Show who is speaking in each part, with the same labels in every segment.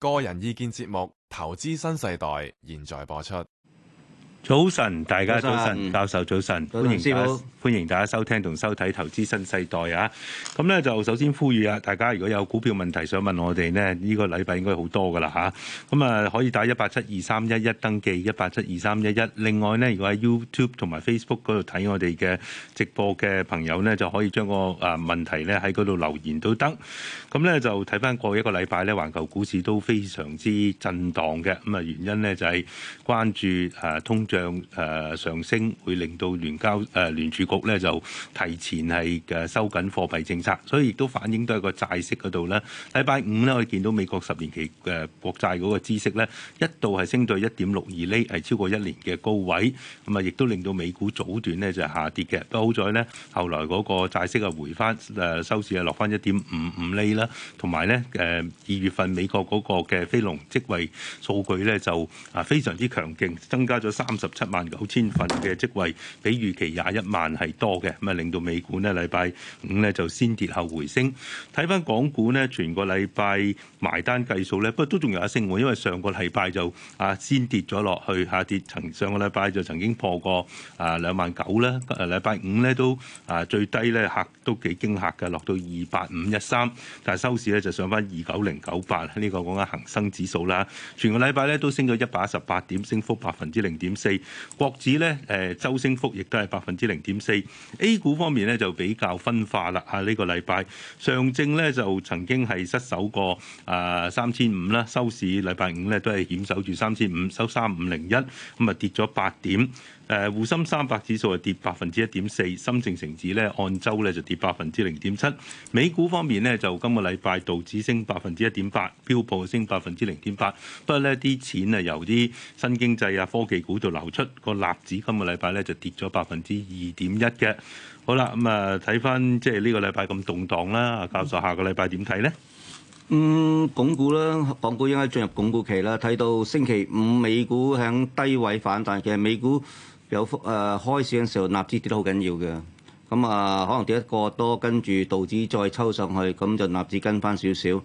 Speaker 1: 個人意見節目《投資新世代》現在播出。早晨，大家早晨，早上，教授早晨，歡迎大家收聽同收睇《投資新世代》啊！咁咧就首先呼籲啊，大家如果有股票問題想問我哋咧，呢個禮拜應該好多噶啦吓，咁啊可以打一八七二三一一登記一八七二三一一。11, 另外咧，如果喺 YouTube 同埋 Facebook 度睇我哋嘅直播嘅朋友咧，就可以將個誒問題咧喺嗰度留言都得。咁咧就睇翻過去一個禮拜咧，環球股市都非常之震盪嘅。咁啊原因咧就係關注誒通。漲誒上升，會令到聯交誒、呃、聯儲局咧就提前係嘅收緊貨幣政策，所以亦都反映到一個債息嗰度咧。禮拜五咧，我哋見到美國十年期嘅國債嗰個孳息咧，一度係升到一點六二厘，係超過一年嘅高位。咁啊，亦都令到美股早段呢就下跌嘅。不過好在咧，後來嗰個債息啊回翻誒收市啊落翻一點五五厘啦，同埋咧誒二月份美國嗰個嘅非農職位數據咧就啊非常之強勁，增加咗三十七萬九千份嘅職位，比預期廿一萬係多嘅。咁啊令到美股呢禮拜五呢就先跌後回升。睇翻港股呢，全個禮拜埋單計數呢，不過都仲有一升喎因為上個禮拜就啊先跌咗落去，下跌曾上個禮拜就曾經破過啊兩萬九啦，禮拜五呢都啊最低呢，嚇都幾驚嚇嘅，落到二八五一三，但係收市呢就上翻二九零九八，呢個講緊恒生指數啦。全個禮拜呢都升咗一百一十八點，升幅百分之零點四。係國指咧，誒，周升幅亦都係百分之零點四。A 股方面咧就比較分化啦。啊，呢個禮拜上證咧就曾經係失守過啊三千五啦，呃、3, 500，收市禮拜五咧都係險守住三千五，收三五零一，咁啊跌咗八點。誒，滬深三百指數係跌百分之一點四，深證成指咧按周咧就跌百分之零點七。美股方面呢，就今個禮拜道指升百分之一點八，標普升百分之零點八。不過呢啲錢啊由啲新經濟啊科技股度流出，個納指今個禮拜咧就跌咗百分之二點一嘅。好啦，咁啊睇翻即係呢個禮拜咁動盪啦，教授下個禮拜點睇呢？嗯，鞏固啦，港股
Speaker 2: 應該進入鞏固期啦。睇到星期五美股喺低位反彈，嘅美股。有幅誒、呃，開始嘅時候納指跌得好緊要嘅，咁、嗯、啊、呃、可能跌得過多，跟住道指再抽上去，咁就納指跟翻少少。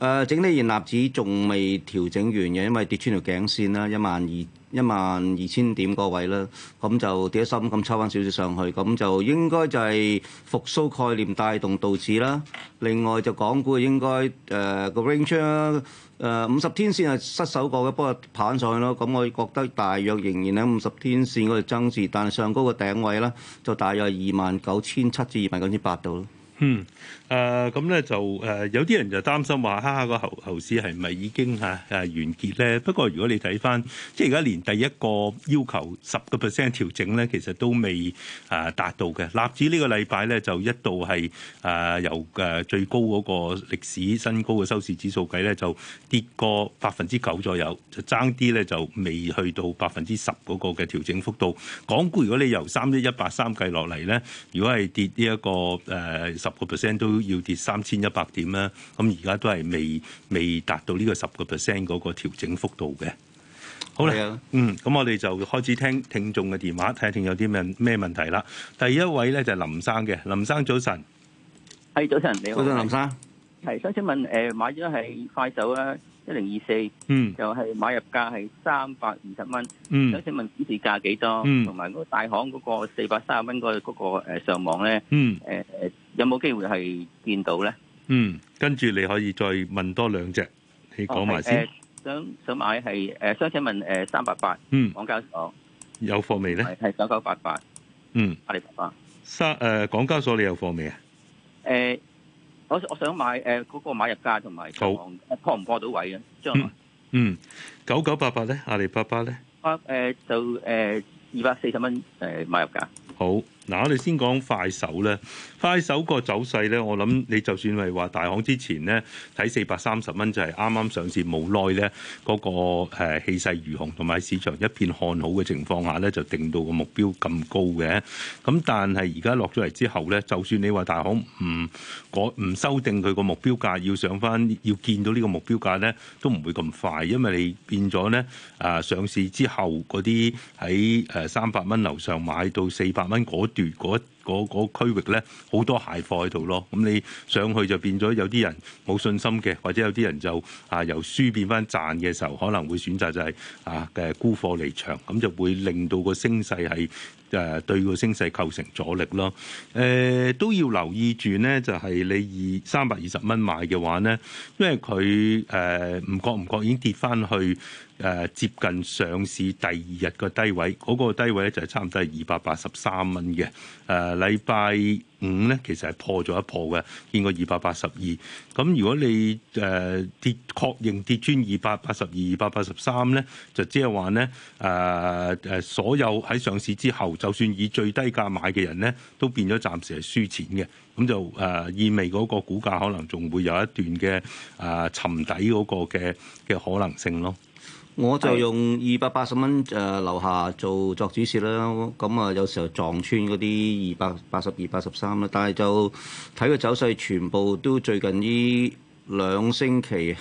Speaker 2: 誒、呃、整體現納指仲未調整完嘅，因為跌穿條頸線啦，一萬二一萬二千點嗰位啦，咁就跌咗深，咁抽翻少少上去，咁就應該就係復甦概念帶動導致啦。另外就港股應該誒、呃、個 range 誒、呃、五十天線係失守過嘅，不過爬上去咯。咁我覺得大約仍然喺五十天線嗰度增持，但係上高個頂位咧就大約係二萬九千七至二萬九千八度咯。嗯。
Speaker 1: 誒咁咧就誒、呃、有啲人就擔心話，哈，個後後市係咪已經嚇誒完結咧？不過如果你睇翻，即係而家連第一個要求十個 percent 調整咧，其實都未誒達到嘅。納指個呢個禮拜咧就一度係誒、呃、由誒最高嗰個歷史新高嘅收市指數計咧，就跌過百分之九左右，就爭啲咧就未去到百分之十嗰個嘅調整幅度。港股如果你由三一一八三計落嚟咧，如果係跌呢、這、一個誒十個 percent 都～都要跌三千一百點啦，咁而家都係未未達到呢個十個 percent 嗰個調整幅度嘅。好啦，係啊，嗯，咁我哋就開始聽聽眾嘅電話，睇下聽有啲咩咩問題啦。第一位咧就係林生嘅，林生早晨。係早晨，
Speaker 2: 你好。早晨，林生。係，想請問，誒買咗係快手啊？一零二四，嗯，就係買入價係三百二十蚊，嗯，想請問指示價幾多？嗯，同
Speaker 1: 埋嗰大行嗰個四百三十蚊嗰嗰個誒上網咧，嗯，誒誒，有冇機會係見到咧？嗯，跟住你可以再問多兩隻，你講埋先。想想買係誒，想請問誒三八八，嗯，港交所有貨未咧？係九九八八，嗯，阿里巴巴三誒港交所你有貨未啊？誒。
Speaker 2: 我我想買誒嗰、呃那個買入價同埋好誒破唔破到位啊？即係嗯，
Speaker 1: 九九八八咧，阿里巴巴咧，啊誒就誒二百四十蚊誒買入價好。嗱，我哋先講快手咧。快手個走勢咧，我諗你就算係話大行之前咧睇四百三十蚊，就係啱啱上市，冇耐咧嗰個誒氣勢如虹同埋市場一片看好嘅情況下咧，就定到個目標咁高嘅。咁但係而家落咗嚟之後咧，就算你話大行唔改唔修定佢個目標價，要上返要見到呢個目標價咧，都唔會咁快，因為你變咗咧啊，上市之後嗰啲喺誒三百蚊樓上買到四百蚊如嗰嗰嗰區域咧，好多蟹貨喺度咯。咁你上去就變咗有啲人冇信心嘅，或者有啲人就啊由輸變翻賺嘅時候，可能會選擇就係啊嘅沽貨離場，咁就會令到個升勢係誒對個升勢構成阻力咯。誒、呃、都要留意住呢，就係、是、你以三百二十蚊買嘅話呢，因為佢誒唔覺唔覺已經跌翻去。誒接近上市第二日個低位，嗰個低位咧就係差唔多係二百八十三蚊嘅。誒禮拜五咧其實係破咗一破嘅，見過二百八十二。咁如果你誒、呃、跌確認跌穿二百八十二、二百八十三咧，就即係話咧誒誒所有喺上市之後，就算以最低價買嘅人咧，都變咗暫時係輸錢嘅。咁就誒、呃、意味嗰個股價可能仲會有一段嘅誒、呃、沉底嗰個嘅嘅可能性咯。我就用二百八十蚊誒樓下做作止蝕啦，
Speaker 2: 咁啊有時候撞穿嗰啲二百八十二八十三啦，但係就睇個走勢，全部都最近呢兩星期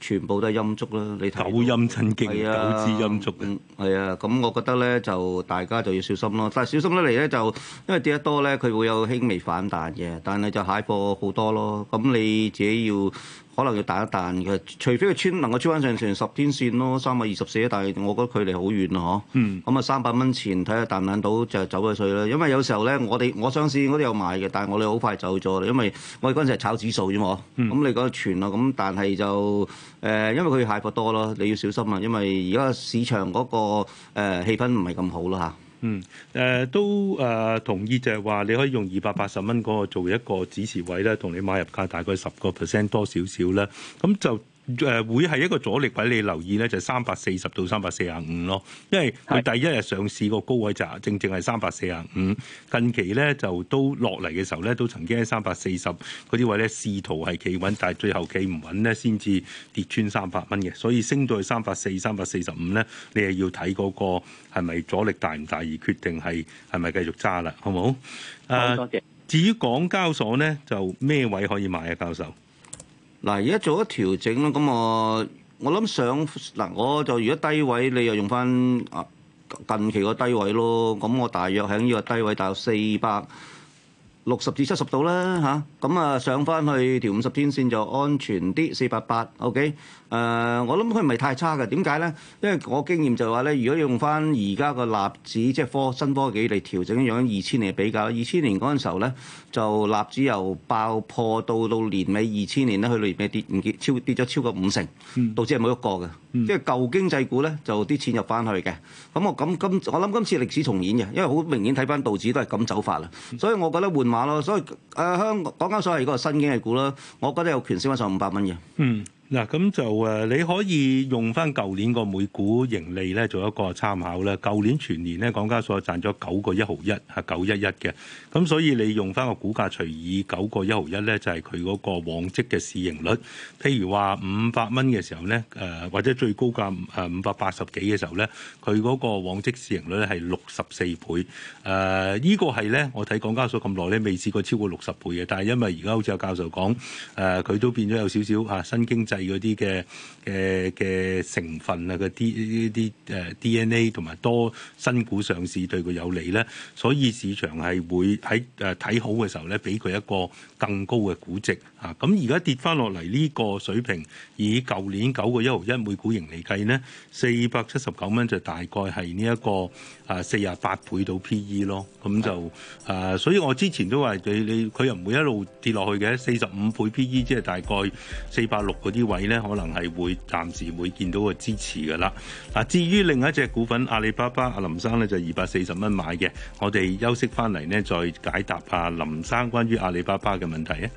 Speaker 2: 全部都係陰燭啦。你睇，九陰真經，哎、呀九支陰燭、嗯。嗯，係、嗯、啊，咁我覺得咧就大家就要小心咯。但係小心得嚟咧就因為跌得多咧，佢會有輕微反彈嘅，但係就蟹貨好多咯。咁你自己要。可能要彈一彈嘅，除非佢穿能夠穿翻上成十天線咯，三百二十四，但係我覺得距離好遠咯，嗬、嗯。咁啊、嗯，三百蚊錢睇下彈唔彈到就走咗去啦。因為有時候咧，我哋我上市我都有買嘅，但係我哋好快走咗，因為我哋嗰陣時係炒指數啫嘛。咁、嗯嗯、你講全啊，咁但係就誒、呃，因為佢蟹貨多咯，你要小心啊。因為而家市場嗰、那個誒、呃、氣氛唔係咁好啦嚇。
Speaker 1: 嗯，誒、呃、都誒、呃、同意，就係話你可以用二百八十蚊嗰個做一個支持位咧，同你買入價大概十個 percent 多少少啦，咁就。誒會係一個阻力位，你留意咧就三百四十到三百四十五咯，因為佢第一日上市個高位就正正係三百四十五，近期咧就都落嚟嘅時候咧，都曾經喺三百四十嗰啲位咧試圖係企穩，但係最後企唔穩咧，先至跌穿三百蚊嘅，所以升到去三百四、三百四十五咧，你係要睇嗰個係咪阻力大唔大而決定係係咪繼續揸啦，好唔好？啊，多謝。至於港交所呢，就咩位可以買啊，教授？嗱，而家做咗調整啦，咁我我諗
Speaker 2: 上嗱，我就如果低位，你又用翻啊近期個低位咯，咁我大約喺呢個低位大約四百。六十至七十度啦吓，咁啊、嗯、上翻去條五十天線就安全啲，四八八，OK，誒、呃，我諗佢唔係太差嘅。點解咧？因為我經驗就話、是、咧，如果用翻而家個納指即係科新科技嚟，調整咁樣，二千年比較，二千年嗰陣時候咧，就納指由爆破到到年尾二千年咧，佢年尾跌唔跌超跌咗超過五成，道指係冇喐過嘅，嗯、即係舊經濟股咧就啲錢入翻去嘅，咁我咁今我諗今次歷史重演嘅，因為好明顯睇翻道指都係咁走法啦，所以我覺得換。馬咯，所以誒香港講緊
Speaker 1: 所謂嗰個新經濟股啦，我覺得有權升翻上五百蚊嘅。嗯。嗱，咁就誒，你可以用翻舊年個每股盈利咧做一個參考啦。舊年全年咧，港交所賺咗九個一毫一，係九一一嘅。咁所以你用翻個股價除以九個一毫一咧，就係佢嗰個往績嘅市盈率。譬如話五百蚊嘅時候咧，誒或者最高價誒五百八十幾嘅時候咧，佢嗰個往績市盈率咧係六十四倍。誒、呃這個、呢個係咧，我睇港交所咁耐咧，未試過超過六十倍嘅。但係因為而家好似有教授講誒，佢都變咗有少少啊新經濟。嗰啲嘅嘅嘅成分啊，啲呢啲誒 DNA 同埋多新股上市對佢有利咧，所以市場係會喺誒睇好嘅時候咧，俾佢一個更高嘅估值啊。咁而家跌翻落嚟呢個水平，以舊年九個一毫一每股盈利嚟計咧，四百七十九蚊就大概係呢一個啊四十八倍到 PE 咯。咁就啊，所以我之前都話，你你佢又唔會一路跌落去嘅，四十五倍 PE 即係大概四百六嗰啲。位咧，可能係會暫時會見到個支持噶啦。嗱，至於另一隻股份阿里巴巴，阿林生咧就二百四十蚊買嘅。我哋休息翻嚟咧，再解答下林生關於阿里巴巴嘅問題啊。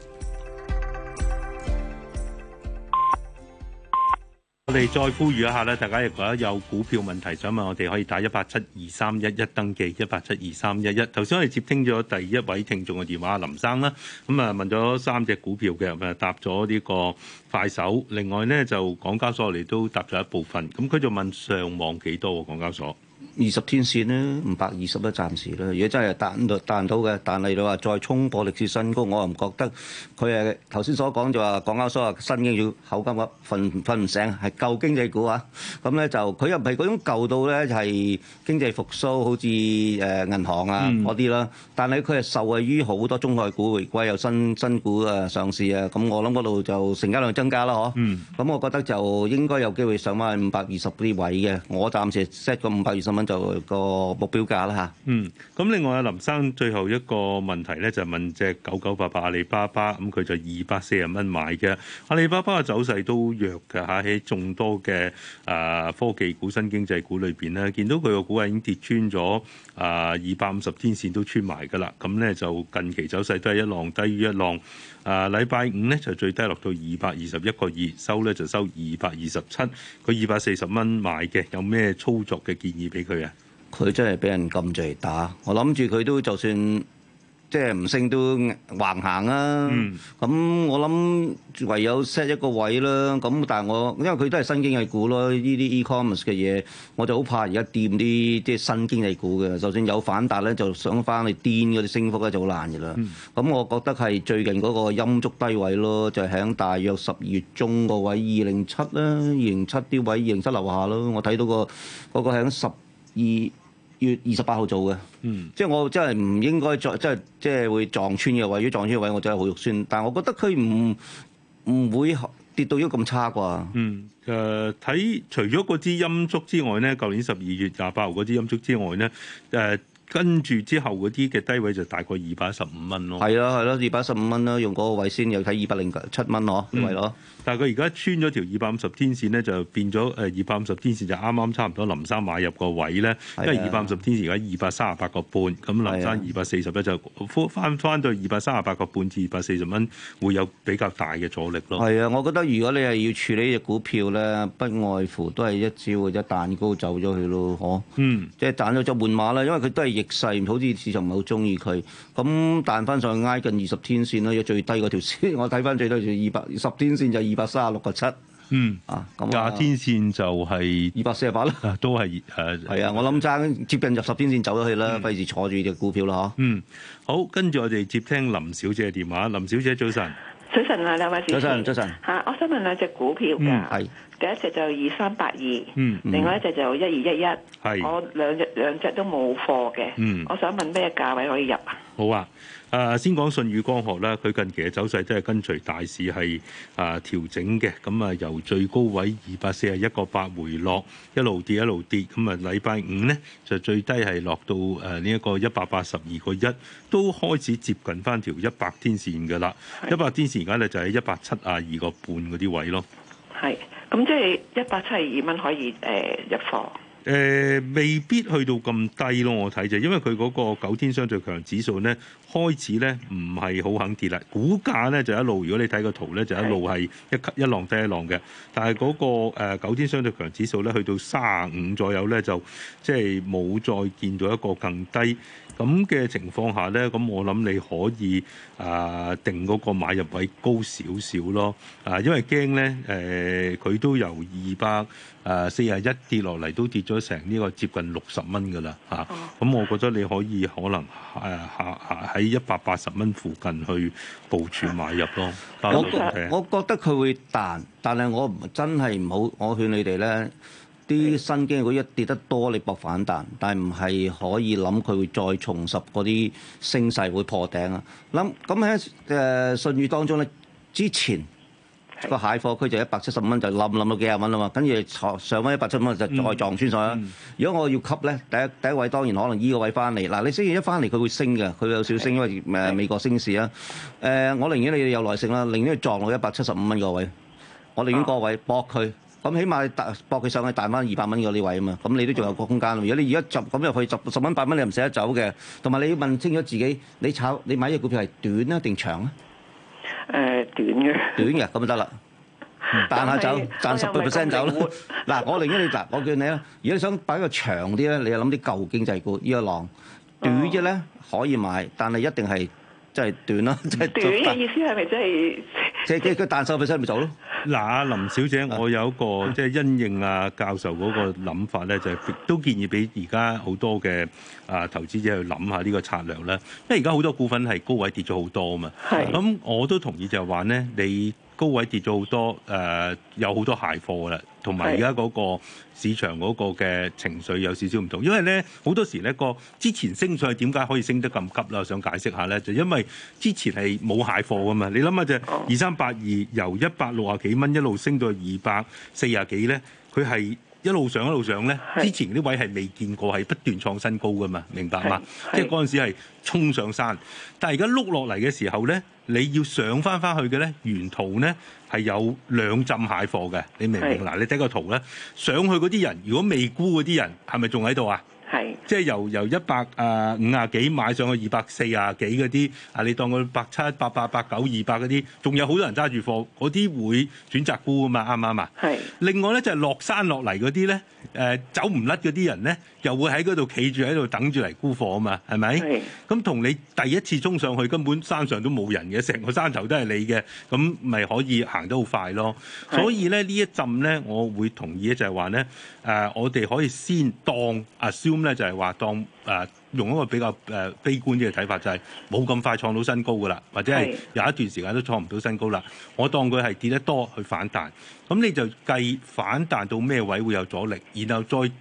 Speaker 1: 我哋再呼籲一下咧，大家如果有股票問題想問我哋，可以打一八七二三一一登記，一八七二三一一。頭先我哋接聽咗第一位聽眾嘅電話，林生啦，咁啊問咗三隻股票嘅，咪答咗呢個快手。另外咧就港交所我哋都答咗一部分。咁佢就問上望幾多喎？港交所？二十天線呢，五百二
Speaker 2: 十咧，暫時咧。如果真係達，達到度達到嘅，但係你話再衝破歷史新高，我又唔覺得佢係頭先所講就話講港交所話新經濟口金骨瞓瞓唔醒，係舊經濟股啊。咁咧就佢又唔係嗰種舊到咧係經濟復甦，好似誒、呃、銀行啊嗰啲啦。但係佢係受惠於好多中概股回歸，有新新股啊上市啊。咁我諗嗰度就成交量增加啦，嗬、嗯。咁我覺得就應該有機會上翻去五百二十啲位嘅。我暫時 set 個五百二十蚊。就個目標價啦吓。嗯，
Speaker 1: 咁另外阿林生最後一個問題咧，就是，問隻九九八八阿里巴巴，咁、嗯、佢就二百四十蚊買嘅。阿里巴巴嘅走勢都弱嘅。吓，喺眾多嘅啊，呃、科技股，新經濟股裏邊咧，見到佢個股價已經跌穿咗啊二百五十天線都穿埋噶啦。咁、嗯、咧就近期走勢都係一浪低於一浪。啊！禮拜五咧就最低落到二百二十一個二收咧就收二百二十七，佢二百四十蚊買嘅，有咩操作嘅建議俾佢啊？佢真係俾人撳住嚟
Speaker 2: 打，我諗住佢都就算。即係唔升都橫行啊！咁、嗯嗯、我諗唯有 set 一個位啦。咁但係我因為佢都係新經濟股咯，呢啲 e-commerce 嘅嘢，我就好怕而家掂啲即係新經濟股嘅。就算有反彈咧，就想翻去癲嗰啲升幅咧就好難嘅啦。咁、嗯嗯嗯、我覺得係最近嗰個陰燭低位咯，就係、是、響大約十二月中個位二零七啦，二零七啲位二零七樓下咯。我睇到個嗰、那個響十二月二十八號做嘅，嗯，即係我真係唔應該再即係即係會撞穿嘅位，如撞穿嘅位我真係好肉酸。但係我覺得佢唔唔會跌到咗咁差啩。
Speaker 1: 嗯，誒、呃、睇除咗嗰支陰燭之外咧，舊年十二月廿八號嗰支陰燭之外咧，誒、呃、跟住之後嗰啲嘅低位就大概二百一十五蚊咯。係
Speaker 2: 啊，係咯，啊，二百一十五蚊啦，用嗰個
Speaker 1: 位先，又睇二百零七蚊咯，嗯，位咯。但係佢而家穿咗條二百五十天線咧，就變咗誒、二百五十天線就啱啱差唔多林生買入個位咧，啊、因為二百五十天線而家二百三十八個半，咁林生二百四十一就翻翻到二百三十八個半至二百四十蚊，會有比較大嘅阻力咯。係
Speaker 2: 啊，我覺得如果你係要處理隻股票咧，不外乎都係一招或者彈高走咗去咯，嗬。嗯。即係彈咗就換馬啦，因為佢都係逆勢，好似市場唔係好中意佢。咁彈翻上去挨近二十天線啦，有最低嗰條線，我睇翻最低條二百二十天線就二百三十六個七，7，嗯啊，咁廿天線就係二百四十八啦，都係誒，係啊，我諗爭接近入十天線走咗去啦，
Speaker 1: 費事、嗯、坐住隻股票咯，嗯，好，跟住我哋接聽林小姐嘅電話。林小姐早晨，
Speaker 2: 早晨啊，兩位早晨，早晨，吓、啊，我想問兩隻股票嘅。嗯第一隻就二三八二，嗯、另外一隻就一二一一。係我兩隻兩
Speaker 1: 隻都冇貨嘅。嗯，我想問咩價位可以入啊？好啊，誒先講舜宇光學啦。佢近期嘅走勢都係跟隨大市係誒調整嘅。咁啊，由最高位二百四啊一個八回落，一路跌一路跌。咁啊，禮拜五呢，就最低係落到誒呢一個一百八十二個一，都開始接近返條一百天線嘅啦。一百是天線而家咧就喺一百七啊二個半嗰啲位咯。係。咁、
Speaker 2: 嗯、即係一
Speaker 1: 百七十二蚊可以誒、呃、入貨，誒、呃、未必去到咁低咯。我睇就因為佢嗰個九天相對強指數咧，開始咧唔係好肯跌啦。股價咧就一路，如果你睇個圖咧，就一路係一一浪低一浪嘅。但係嗰、那個、呃、九天相對強指數咧，去到三十五左右咧，就即係冇再見到一個更低。咁嘅情況下咧，咁我諗你可以啊、呃、定嗰個買入位高少少咯，啊、呃、因為驚咧誒佢都由二百誒四十一跌落嚟，都跌咗成呢個接近六十蚊噶啦嚇，咁、啊嗯嗯、我覺得你可以可能誒、呃、下喺一百八十蚊附近去部署買入咯。我我覺得佢會彈，但係我唔真係唔好，我勸你
Speaker 2: 哋咧，啲新經濟一跌得多，你搏反彈，但係唔係可以諗佢會再重拾嗰啲升勢會破頂啊？諗咁喺誒信譽當中咧，之前個是蟹貨區就一百七十五蚊就冧冧到幾啊蚊啦嘛，跟住上翻一百七十五蚊就再撞穿曬啦、啊。嗯嗯、如果我要吸咧，第一第一位當然可能依、e、個位翻嚟。嗱，你雖然一翻嚟佢會升嘅，佢有少升是因為誒美國升市啊。誒、呃，我寧願你有耐性啦，寧願撞到一百七十五蚊個位，我寧願個位搏佢。咁起碼搏佢上去彈翻二百蚊嗰啲位啊嘛，咁你都仲有個空間。如果你而家入咁入去十十蚊八蚊，你唔捨得走嘅，同埋你要問清楚自己，你炒你買隻股票係短啊定長啊？誒，短嘅。短嘅咁就得啦，彈下走，賺十個 percent 走啦。嗱，我寧願你嗱，我叫你咧，如果你想擺個長啲咧，你諗啲舊經濟股呢個浪短啲咧可以買，但係一定係即係短啦。短嘅意思係咪即係即即佢彈十個 percent 咪走咯？
Speaker 1: 嗱，林小姐，我有一個即係因應啊教授嗰個諗法咧，就係、是、亦都建議俾而家好多嘅啊投資者去諗下呢個策略啦。因為而家好多股份係高位跌咗好多啊嘛。咁是我都同意就係話咧，你。高位跌咗好多，誒、呃、有好多蟹貨啦，同埋而家嗰個市場嗰個嘅情緒有少少唔同，因為咧好多時咧個之前升上去點解可以升得咁急咧？我想解釋下咧，就因為之前係冇蟹貨啊嘛，你諗下就二三八二由一百六啊幾蚊一路升到二百四啊幾咧，佢係。一路上，一路上咧，之前啲位係未見過，係不斷創新高噶嘛，明白嘛？即係嗰陣時係衝上山，但係而家碌落嚟嘅時候咧，你要上返返去嘅咧，沿途咧係有兩浸蟹貨嘅，你明唔明？嗱是，你睇個圖咧，上去嗰啲人，如果未沽嗰啲人，係咪仲喺度啊？係，即係由由一百誒、呃、五廿幾買上去二百四廿幾嗰啲，啊你當佢百七、百八、百九、二百嗰啲，仲有好多人揸住貨，嗰啲會選擇沽啊嘛，啱唔啱啊？係，是 另外咧就係、是、落山落嚟嗰啲咧。誒走唔甩嗰啲人咧，又會喺嗰度企住喺度等住嚟沽貨啊嘛，係咪？咁同是、嗯、你第一次衝上去，根本山上都冇人嘅，成個山頭都係你嘅，咁、嗯、咪可以行得好快咯。是所以咧呢一陣咧，我會同意咧就係話咧，誒、呃、我哋可以先當阿 s s u m 咧就係話當誒。呃用一個比較誒悲觀啲嘅睇法，就係冇咁快創到新高噶啦，或者係有一段時間都創唔到新高啦。我當佢係跌得多去反彈，咁你就計反彈到咩位會有阻力，然後再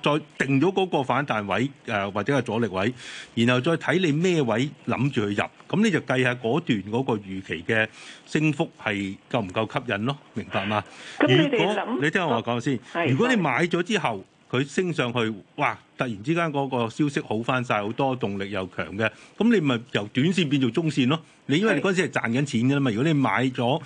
Speaker 1: 再定咗嗰個反彈位誒、呃、或者係阻力位，然後再睇你咩位諗住去入，咁你就計下嗰段嗰個預期嘅升幅係夠唔夠吸引咯？明白嘛？咁你哋諗，你聽我講先。如果你買咗之後，佢升上去，哇！突然之間嗰個消息好返晒，好多動力又強嘅，咁你咪由短線變做中線咯。你因為你嗰陣時係賺緊錢㗎嘛，如果你買咗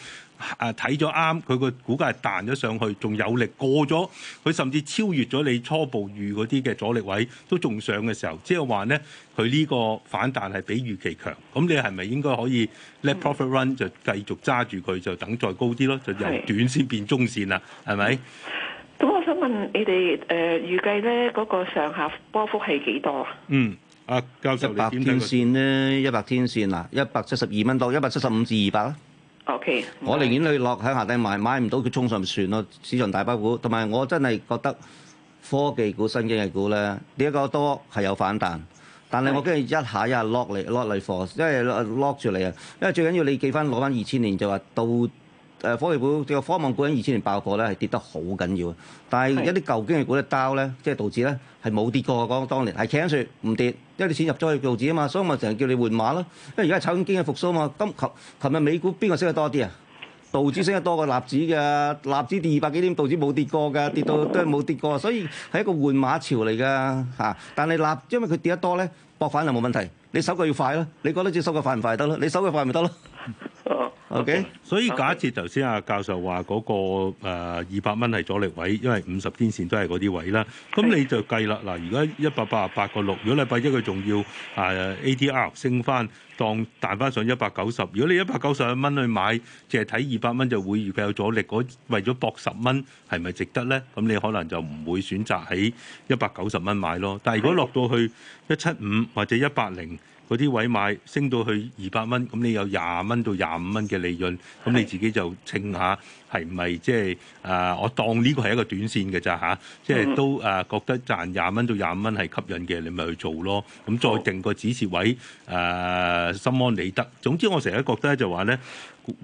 Speaker 1: 啊睇咗啱，佢、呃、個股價係彈咗上去，仲有力過咗，佢甚至超越咗你初步預嗰啲嘅阻力位，都仲上嘅時候，即係話咧，佢呢個反彈係比預期強。咁你係咪應該可以 let profit run 就繼續揸住佢，就等再高啲咯，就由短線變中線啦，係咪？
Speaker 2: 咁我想問你哋，誒、呃、預計咧嗰、那個上下波幅係幾多啊？嗯，啊，九十八天線呢，一百天線嗱、啊，一百七十二蚊到一百七十五至二百啦。OK，我寧願你落喺下底買，買唔到佢衝上就算咯。市場大盤股，同埋我真係覺得科技股、新經濟股咧，點、這、解、個、多係有反彈？但係我驚一下一下落嚟落嚟貨，因為 lock 住你啊。因為最緊要你記翻攞翻二千年就話到。誒、呃、科技股，個科網股喺二千年爆過咧，係跌得好緊要。但係一啲舊經濟股一掉咧，即係道指咧係冇跌過。講當年係企喺樹唔跌，因為啲錢入咗去道指啊嘛。所以咪成日叫你換馬咯。因為而家係炒緊經濟復甦啊嘛。今琴琴日美股邊個升得多啲啊？道指升得多過納指嘅，納指跌二百幾點，道指冇跌過㗎，跌到都係冇跌過。所以係一個換馬潮嚟㗎嚇。但係納，因為佢跌得多咧，博反又冇問題。你手腳要快咯，你覺得隻手腳快唔快得咯？你手腳快咪得咯？
Speaker 1: 哦，OK。所以假設頭先阿教授話嗰個誒二百蚊係阻力位，因為五十天線都係嗰啲位啦。咁你就計啦。嗱，而家一百八十八個六，如果禮拜一佢仲要誒 ATR 升翻，當彈翻上一百九十。如果你一百九十一蚊去買，淨係睇二百蚊就會預計有阻力。嗰為咗搏十蚊，係咪值得呢？咁你可能就唔會選擇喺一百九十蚊買咯。但係如果落到去一七五或者一百零。嗰啲位買升到去二百蚊，咁你有廿蚊到廿五蚊嘅利潤，咁你自己就稱下係咪即係啊？我當呢個係一個短線嘅咋吓，即、啊、係、就是、都啊、呃、覺得賺廿蚊到廿五蚊係吸引嘅，你咪去做咯。咁再定個止蝕位，誒、呃、心安理得。總之我成日覺得就話呢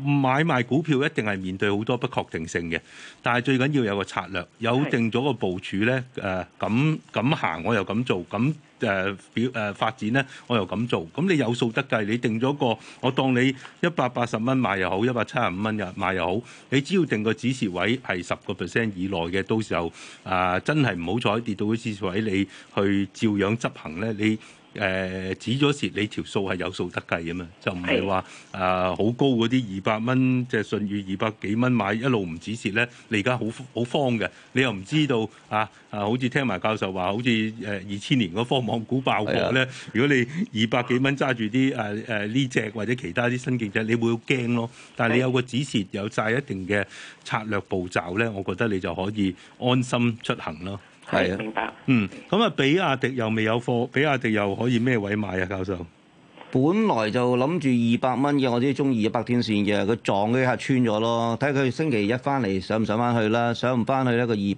Speaker 1: 買賣股票一定係面對好多不確定性嘅，但係最緊要有個策略，有定咗個部署呢。誒咁咁行我又咁做咁。誒表誒發展咧，我又咁做，咁你有數得計，你定咗個，我當你一百八十蚊賣又好，一百七十五蚊又賣又好，你只要定個指示位係十個 percent 以內嘅，到時候啊、呃、真係唔好彩跌到啲指示位，你去照樣執行咧，你。誒止咗蝕，呃、你條數係有數得計㗎嘛，就唔係話啊好高嗰啲二百蚊，即係信譽二百幾蚊買一路唔止蝕咧。你而家好好慌嘅，你又唔知道啊啊，好似聽埋教授話，好似誒二千年嗰科網股爆破咧。的如果你二百幾蚊揸住啲誒誒呢隻或者其他啲新經濟，你會好驚咯。但係你有個止蝕，有曬一定嘅策略步驟咧，我覺得你就可以安心出行咯。係啊，明白。嗯，咁啊，比亞迪又未有貨，比亞迪又可以咩位買啊？教授，本來就諗住二百蚊嘅，我自己中意一百天
Speaker 2: 線嘅，佢撞咗一下穿咗咯。睇下佢星期一翻嚟上唔上翻去啦？上唔翻去呢個二一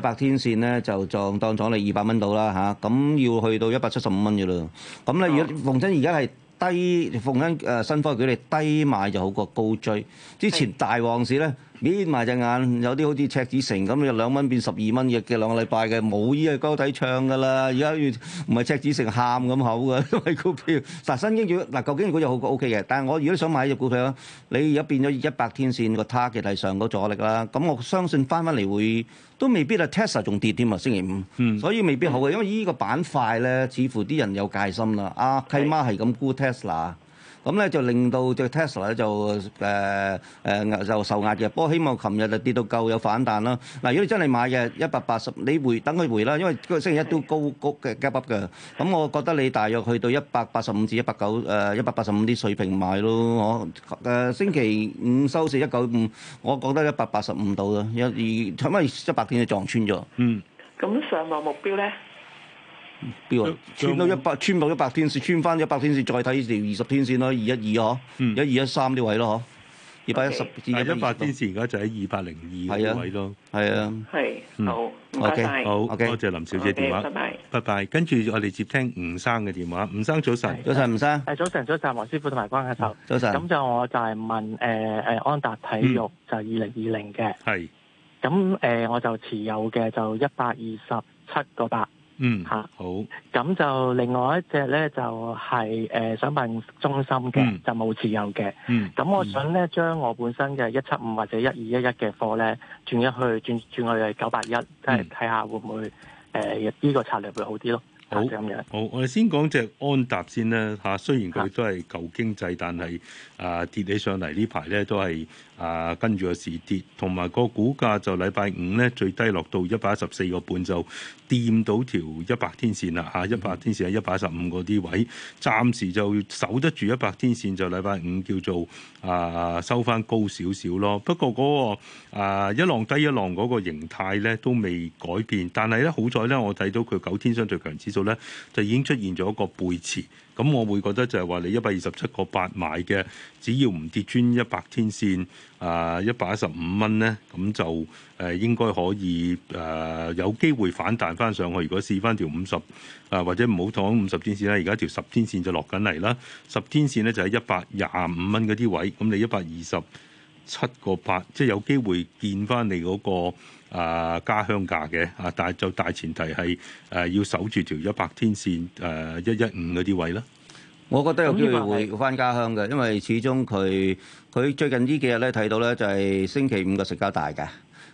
Speaker 2: 百天線咧就撞當咗你二百蚊到啦吓，咁、啊、要去到一百七十五蚊嘅嘞。咁咧，嗯、如果逢親而家係低逢親誒新科技你低買就好過高追。之前大旺市咧。眯埋隻眼，有啲好似赤子城咁，有兩蚊變十二蚊嘅，兩個禮拜嘅，冇依個歌仔唱噶啦。而家要唔係赤子城喊咁好嘅，啲股票。但新興股嗱，究竟股又好過 O K 嘅。但係我如果想買隻股票，你而家變咗一百天線個 target 係上個阻力啦。咁我相信翻翻嚟會都未必啊 Tesla 仲跌添啊，星期五，所以未必好嘅。因為依個板塊咧，似乎啲人有戒心啦。阿、啊、契媽係咁估 Tesla。咁咧就令到隻 Tesla 咧就誒誒壓就受壓嘅。不過希望琴日就跌到夠有反彈啦。嗱，如果你真係買嘅一百八十，你回等佢回啦，因為個星期一都高谷嘅急筆嘅。咁我覺得你大約去到一百八十五至一百九誒一百八十五啲水平買咯，我誒星期五收市一九五，我覺得一百八十五度啦。有而差唔多一百點就撞穿咗。嗯。咁上落目
Speaker 1: 標咧？
Speaker 2: 邊個穿到一百？穿到一百天線，穿翻一百天線，再睇二十天線咯。二一二嗬，一二一三呢位咯
Speaker 1: 嗬。二百一十二，一百天線而家就喺二百零二啲位咯。係啊，係好，ok，好，多謝林小姐電話，拜拜，拜拜。跟住我哋接聽吳生嘅電話，吳生早晨，早晨吳生，誒早晨，早晨黃師傅同埋關教授，早晨。咁就我就係問誒誒安達體育就係二零二零嘅，係。咁誒我就持有嘅就一百二十七個八。嗯吓好，咁就另外一隻咧就係誒想辦中心嘅，嗯、就冇自由嘅。嗯，咁我想咧將我本身嘅一七五或者一二一一嘅貨咧轉一去轉轉去九八、嗯、一，即係睇下會唔會誒呢、呃這個策略會好啲咯。好嘅，咁樣好，我哋先講隻安踏先啦嚇，雖然佢都係舊經濟，但係啊跌起上嚟呢排咧都係。啊，跟住個市跌，同埋個股價就禮拜五咧最低落到一百一十四個半，就掂到條一百天線啦！嚇，一百天線喺一百一十五個啲位，暫時就守得住一百天線，就禮拜五叫做啊收翻高少少咯。不過嗰、那個啊一浪低一浪嗰個形態咧都未改變，但係咧好在咧我睇到佢九天相對強指數咧就已經出現咗一個背馳。咁我會覺得就係話你一百二十七個八買嘅，只要唔跌穿一百天線啊一百一十五蚊咧，咁、呃、就誒、呃、應該可以誒、呃、有機會反彈翻上去。如果試翻條五十啊，或者唔好躺五十天線啦，而家條十天線就落緊嚟啦。十天線咧就喺一百廿五蚊嗰啲位，咁你一百二十。七個八，即係有機會見翻你嗰個、呃、家鄉價嘅啊，但係就大前提係誒、呃、要守住條一百天線誒、呃、一一五嗰啲位啦。我覺得有機會回翻家鄉嘅，因為始終佢
Speaker 2: 佢最近呢幾日咧睇到咧就係星期五嘅成交大嘅。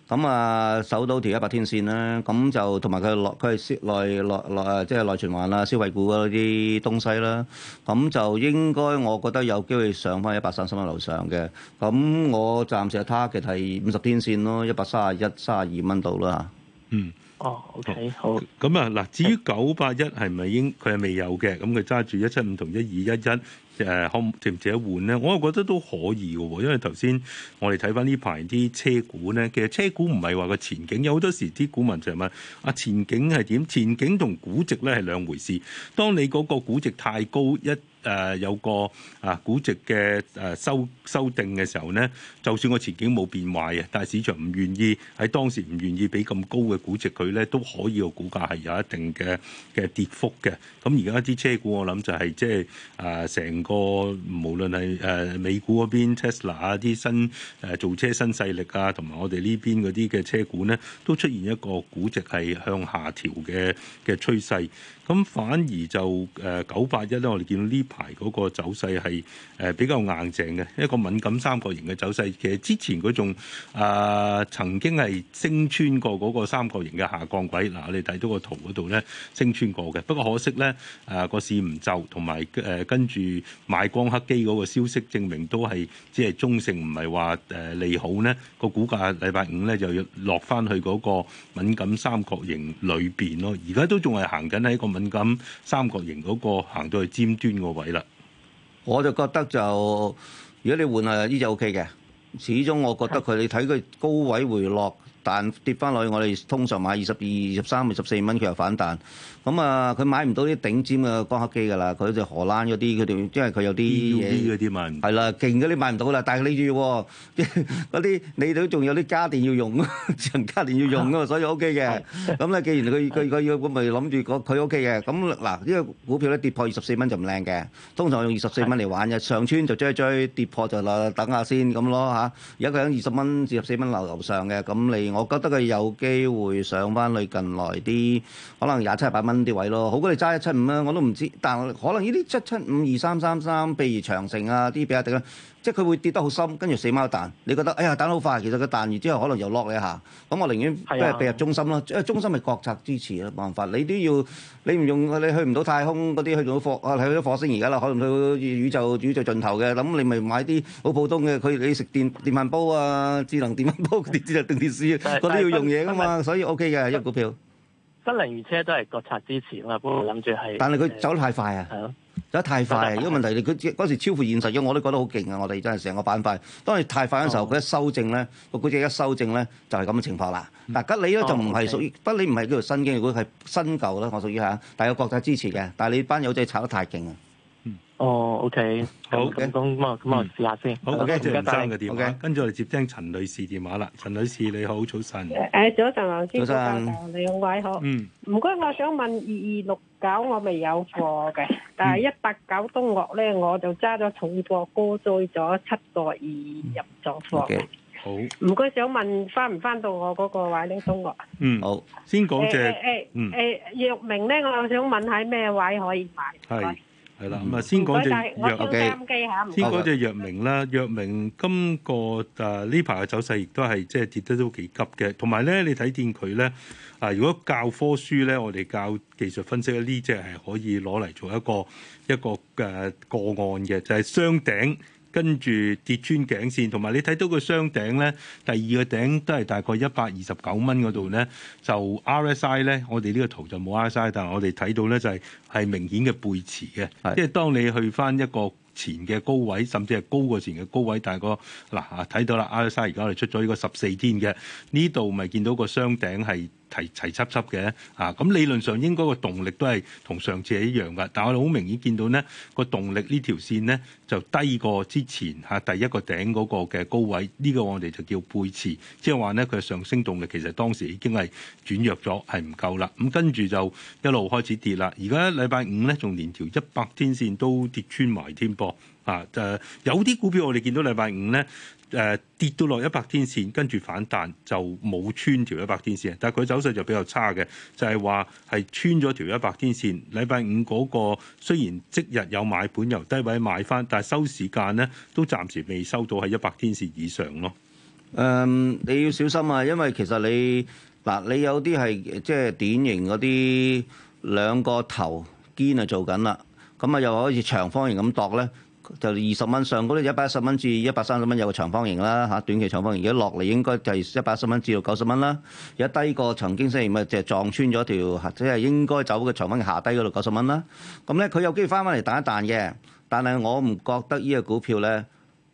Speaker 2: 咁啊，守到條一百天線啦，咁就同埋佢落佢係內內內即係內循環啦，消費股嗰啲東西啦，咁就應該我覺得有機會上翻一百三十蚊樓上嘅。咁我暫時嘅 target 係五十天線咯，一百三十一、三十二蚊度啦。嗯，哦，OK，
Speaker 1: 好。咁啊嗱，至於九百一係咪應佢係未有嘅？咁佢揸住一七五同一二一一。誒、嗯、可值唔值得換咧？我覺得都可以嘅喎，因為頭先我哋睇翻呢排啲車股咧，其實車股唔係話個前景，有好多時啲股民就問：啊前景係點？前景同估值咧係兩回事。當你嗰個估值太高一。誒有個啊估值嘅誒修修定嘅時候咧，就算個前景冇變壞嘅，但係市場唔願意喺當時唔願意俾咁高嘅估值佢咧，都可以個股價係有一定嘅嘅跌幅嘅。咁而家啲車股我諗就係即係誒成個無論係誒美股嗰邊 Tesla 啲、啊、新誒造、啊、車新勢力啊，同埋我哋呢邊嗰啲嘅車股咧，都出現一個估值係向下調嘅嘅趨勢。咁反而就誒九八一咧，1，我哋見到呢排嗰個走勢係誒比較硬淨嘅一個敏感三角形嘅走勢。其實之前佢仲誒曾經係升穿過嗰個三角形嘅下降軌，嗱，我哋睇到個圖嗰度咧，升穿過嘅。不過可惜咧，誒個市唔就，同埋誒跟住買光刻機嗰個消息證明都係即係中性，唔係話誒利好咧，個股價禮拜五咧就要落翻去嗰個敏感三角形裏邊咯。而家都仲係行緊喺個。敏感三角形嗰個行到去尖端個位啦，我就覺得就如果你換下呢
Speaker 2: 隻 OK 嘅，始終我覺得佢你睇佢高位回落，但跌翻落去我哋通常買二十二、二十三、二十四蚊，佢又反彈。咁啊，佢買唔到啲頂尖嘅光刻機㗎啦，佢好似荷蘭嗰啲，佢哋因為佢有啲嘢，係啦，勁嗰啲買唔到啦。但係你住嗰啲，你哋都仲有啲家電要用，智能家電要用啊，所以 O K 嘅。咁咧，既然佢佢佢要，我咪諗住個佢 O K 嘅。咁嗱，呢個股票咧跌破二十四蚊就唔靚嘅，通常用二十四蚊嚟玩嘅，上穿就追一追，跌破就等下先咁咯嚇。而家佢喺二十蚊至十四蚊流流上嘅，咁你我覺得佢有機會上翻去近來啲，可能廿七、八蚊。啲位咯，嗯、好過你揸一七五啊！我都唔知，但可能呢啲七七五二三三三，譬如長城啊啲比亞迪啦，即係佢會跌得好深，跟住死貓彈。你覺得哎呀彈得好快，其實佢彈完之後可能又落你一下。咁、嗯、我寧願即係避入中心咯，因為中心係國策支持啊，冇辦法。你都要你唔用，你去唔到太空嗰啲，去到火啊，去到火星而家啦，可能去到宇宙宇宙盡頭嘅，咁你咪買啲好普通嘅。佢你食電電飯煲啊，智能電飯煲、啊、 電子定電視啲要用嘢噶嘛， 所以 OK 嘅一股票。
Speaker 1: 新能源車都係國策
Speaker 2: 支持，我本來諗住係，但係佢走得太快啊！係咯的，走得太快，因為問題你佢嗰時超乎現實嘅，我都覺得好勁啊！我哋真係成個板塊，當你太快嗰陣時候，佢、哦、一修正咧，個股價一修正咧，就係咁嘅情況啦。嗱、嗯，吉利咧就唔係屬於，吉利唔係叫做新經濟股，係新舊啦，我屬於嚇。但係有國策支持嘅，但係你班友仔炒得太勁。
Speaker 1: 哦、oh，OK，好，咁講，咁啊我試下先。好，跟住而家第三個電話，Okay. 跟住我哋接聽陳女士電話啦。陳女士你好，早晨。誒，早晨啊，先生，你好位好。嗯。唔該，我想問二二六九我未有貨嘅，但係一八九東嶽咧，我就揸咗重貨，高追咗七個二入咗貨。OK，好。唔該，想問翻唔翻到我嗰個位領東嶽？嗯，好。先講謝。誒誒誒，藥明咧，我又想問喺咩位可以買？係。係啦，咁啊、嗯、先講隻藥，OK。先講隻藥明啦，藥明今個誒呢排嘅走勢亦都係即係跌得都幾急嘅，同埋咧你睇見佢咧啊，如果教科書咧我哋教技術分析呢只係可以攞嚟做一個一個嘅個案嘅，就係雙頂。跟住跌穿頸線，同埋你睇到個雙頂咧，第二個頂都係大概一百二十九蚊嗰度咧。就 RSI 咧，我哋呢個圖就冇 RSI，但係我哋睇到咧就係係明顯嘅背馳嘅。是的 即係當你去返一個前嘅高位，甚至係高過前嘅高位，大、SI、個嗱嚇，睇到啦 RSI 而家我哋出咗呢個十四天嘅呢度，咪見到個雙頂係。齊齊執執嘅啊，咁、嗯、理論上應該個動力都係同上次一樣㗎，但係我哋好明顯見到咧個動力呢條線咧就低過之前嚇、啊、第一個頂嗰個嘅高位，呢、呢個我哋就叫背馳，即係話咧佢上升動力其實當時已經係轉弱咗，係唔夠啦。咁、啊、跟住就一路開始跌啦。而家禮拜五咧，仲連條一百天線都跌穿埋添噃。啊！就有啲股票我哋見到禮拜五咧。誒跌到落一百天線，跟住反彈就冇穿條一百天線，但係佢走勢就比較差嘅，就係話係穿咗條一百天線。禮拜五嗰個雖然即日有買盤由低位買翻，但係收時間咧都暫時未收到喺一百天線以上咯。誒、嗯，你要小心啊，因為其實你嗱，你
Speaker 2: 有啲係即係典型嗰啲兩個頭肩啊做緊啦，咁啊又可以長方形咁度咧。就二十蚊上高咧，一百一十蚊至一百三十蚊有個長方形啦嚇，短期長方形而家落嚟應該就係一百一十蚊至到九十蚊啦。而家低過曾經，星期咪就係、是、撞穿咗條，即係應該走嘅長方形下低嗰度九十蚊啦。咁咧佢有機會翻翻嚟彈一彈嘅，但係我唔覺得呢個股票咧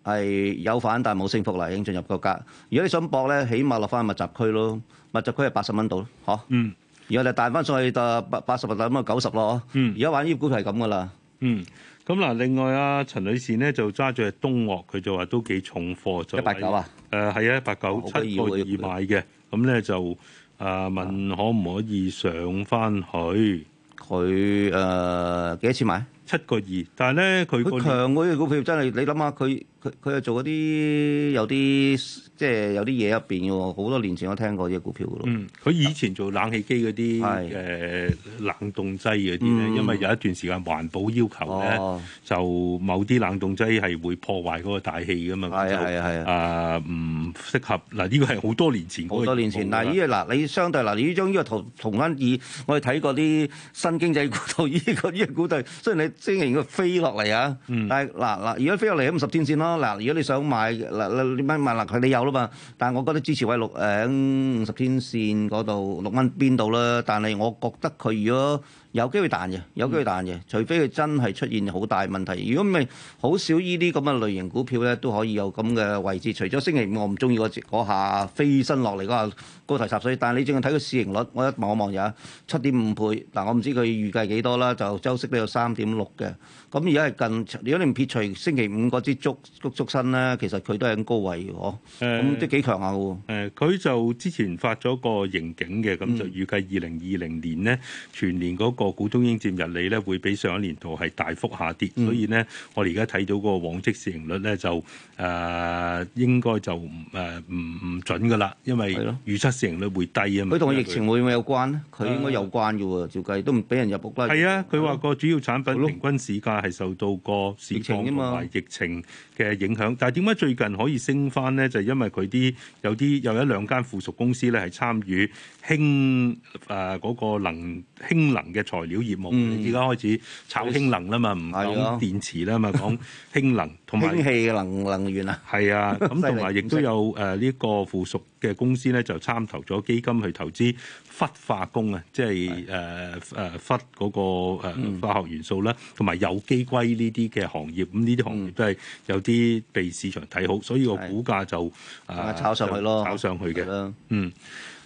Speaker 2: 係有反彈冇升幅啦，已經進入個格，格。如果你想搏咧，起碼落翻密集區咯，密集區係八十蚊度咯，嚇、啊。嗯。而家咧彈翻上去就八八十或九十咯，而家、嗯、玩呢啲股票係咁噶
Speaker 1: 啦。嗯。咁嗱，另外阿陳女士呢就揸住係東岳，佢就話都幾重貨，就一八九啊。誒係啊，一八九七個月買嘅，咁呢，就、呃、啊問可唔可以上翻去？佢誒幾多錢
Speaker 2: 買？七個二，但係咧佢佢強嗰啲股票真係你諗下佢佢佢係做嗰啲有啲即係有啲嘢入邊嘅喎，好多年前我聽過呢啲股票嘅咯。佢、嗯、以
Speaker 1: 前做冷氣機嗰啲誒冷凍劑嗰啲咧，因為有一段時間環保要求咧、嗯啊，就某啲冷凍劑係會破壞嗰個大氣㗎嘛。係啊係啊係啊，啊唔、呃、適合嗱呢、呢個係好多年前好多年前。嗱、呢個，呢個嗱，你相對
Speaker 2: 嗱，呢張呢個圖同同翻以我哋睇嗰啲新經濟股度呢、呢個呢、呢個呢個股對，雖然你。即係如果飛落嚟啊，但係嗱嗱，如果、嗯、飛落嚟喺五十天線咯，嗱，如果你想買，嗱嗱點樣買，嗱佢你有啦嘛，但我覺得支持位六誒五十天線嗰度六蚊邊度啦，但係我覺得佢如果有機會彈嘅，有機會彈嘅，除非佢真係出現好大問題。如果唔係好少依啲咁嘅類型股票咧，都可以有咁嘅位置。除咗星期五我，我唔中意嗰下飛身落嚟嗰下高台插水。但係你仲要睇個市盈率，我一望一望有七點五倍。嗱，我唔知佢預計幾多啦，就周息都有三點六嘅。咁而家係近，如果你唔撇除星期五嗰支足足足身咧，其實佢都係咁高位嘅嗬。
Speaker 1: 咁都幾強硬喎。誒，佢就之前發咗個盈警嘅，咁就預計二零二零年咧全年嗰個股東應佔溢利咧會比上一年度係大幅下跌，所以咧我哋而家睇到個往績市盈率咧就誒應該就誒唔唔準嘅啦，因為預測市盈率會低啊嘛。佢同疫情會唔會有關咧？佢應該有關嘅喎，照計都唔俾人入屋啦。係啊，佢話個主要產品平均時間。係受到個市場同埋疫情嘅影響，但係點解最近可以升返咧？就係、是、因為佢啲有啲又有兩間附屬公司咧，係參與氫誒嗰、呃那個能氫能嘅材料業務。而家、嗯、開始炒氫能啦嘛，唔講、就是、電池啦嘛，講的氫能。 空氣能能源啊，係啊，咁同埋亦都有誒呢、 uh, 個附屬嘅公司咧，就參投咗基金去投資氟化工啊，即係誒誒氟嗰個誒、uh, 化學元素啦，同埋有，有機硅呢啲嘅行業，咁呢啲行業都係有啲被市場睇好，所以個股價就炒的、啊、上去咯，炒、 嗯、上去嘅，嗯。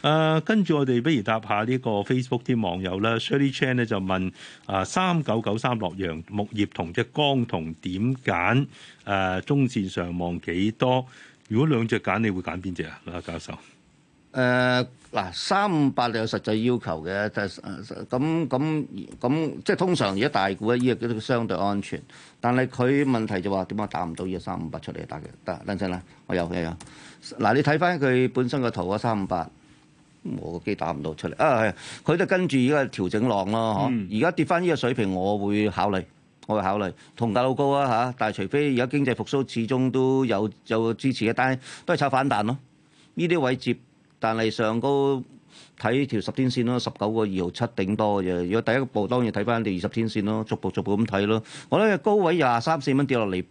Speaker 1: 誒，跟住我哋不如答下呢個 Facebook 啲網友啦。Shirley Chan 咧就問：誒三九九三，洛陽鉬業同只光同點揀？誒中線上望幾多？如果兩隻揀，你會揀邊隻啊？嗱，教授誒嗱三五八，
Speaker 2: 你有實際要求嘅，就咁咁咁，即係通常而家大股咧依個都相對安全，但係佢問題就話點解打唔到呢個三五八出嚟打嘅？得等陣啦，我有嘅有嗱，你睇翻佢本身個圖啊，三五八。我個機打唔到出嚟啊！係佢都跟住而家調整浪咯，嗬、嗯。而家跌翻呢個水平，我會考慮，我會考慮同大佬高啊嚇。但係除非而家經濟復甦，始終都有有支持嘅，但係都係炒反彈咯。呢啲位接，但係上高睇條十天線咯，十九個二號七頂多嘅啫。如果第一個步當然睇翻條二十天線咯，逐步逐步咁睇咯。我覺得高位廿三四蚊跌落嚟。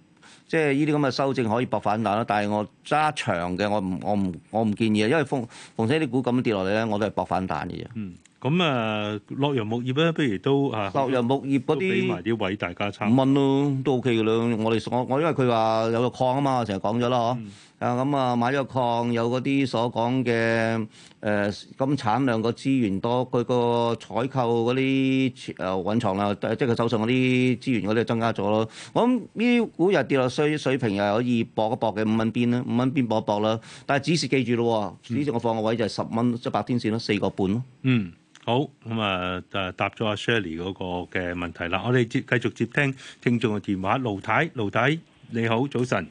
Speaker 2: 即係呢啲咁嘅修正可以博反彈啦，但係我揸長嘅我唔我唔我唔建議啊，因為逢逢上啲股咁跌落嚟咧，我都係博反彈嘅啫。嗯，
Speaker 1: 咁啊，洛陽木業咧，不如都啊，洛陽木業嗰啲俾埋啲位
Speaker 2: 大家撐，五蚊咯，都 OK 嘅啦。我哋我我因為佢話有個礦啊嘛，我成日講咗啦呵。嗯啊咁啊買咗礦，有嗰啲所講嘅誒，咁、呃、產量個資源多，佢個採購嗰啲誒蘊藏啦，即係佢手上嗰啲資源嗰啲增加咗咯。我諗呢啲股又跌落水水平，又可以搏一搏嘅五蚊邊啦，五蚊邊搏一搏啦。但係指數記住咯，呢隻我放個位就係十蚊，即係百天線咯，四個半
Speaker 1: 咯。嗯，好咁啊，誒答咗阿 Shirley 嗰個嘅問題啦。我哋接繼續接聽聽，聽，聽眾嘅電話，盧太，盧太你好，早晨。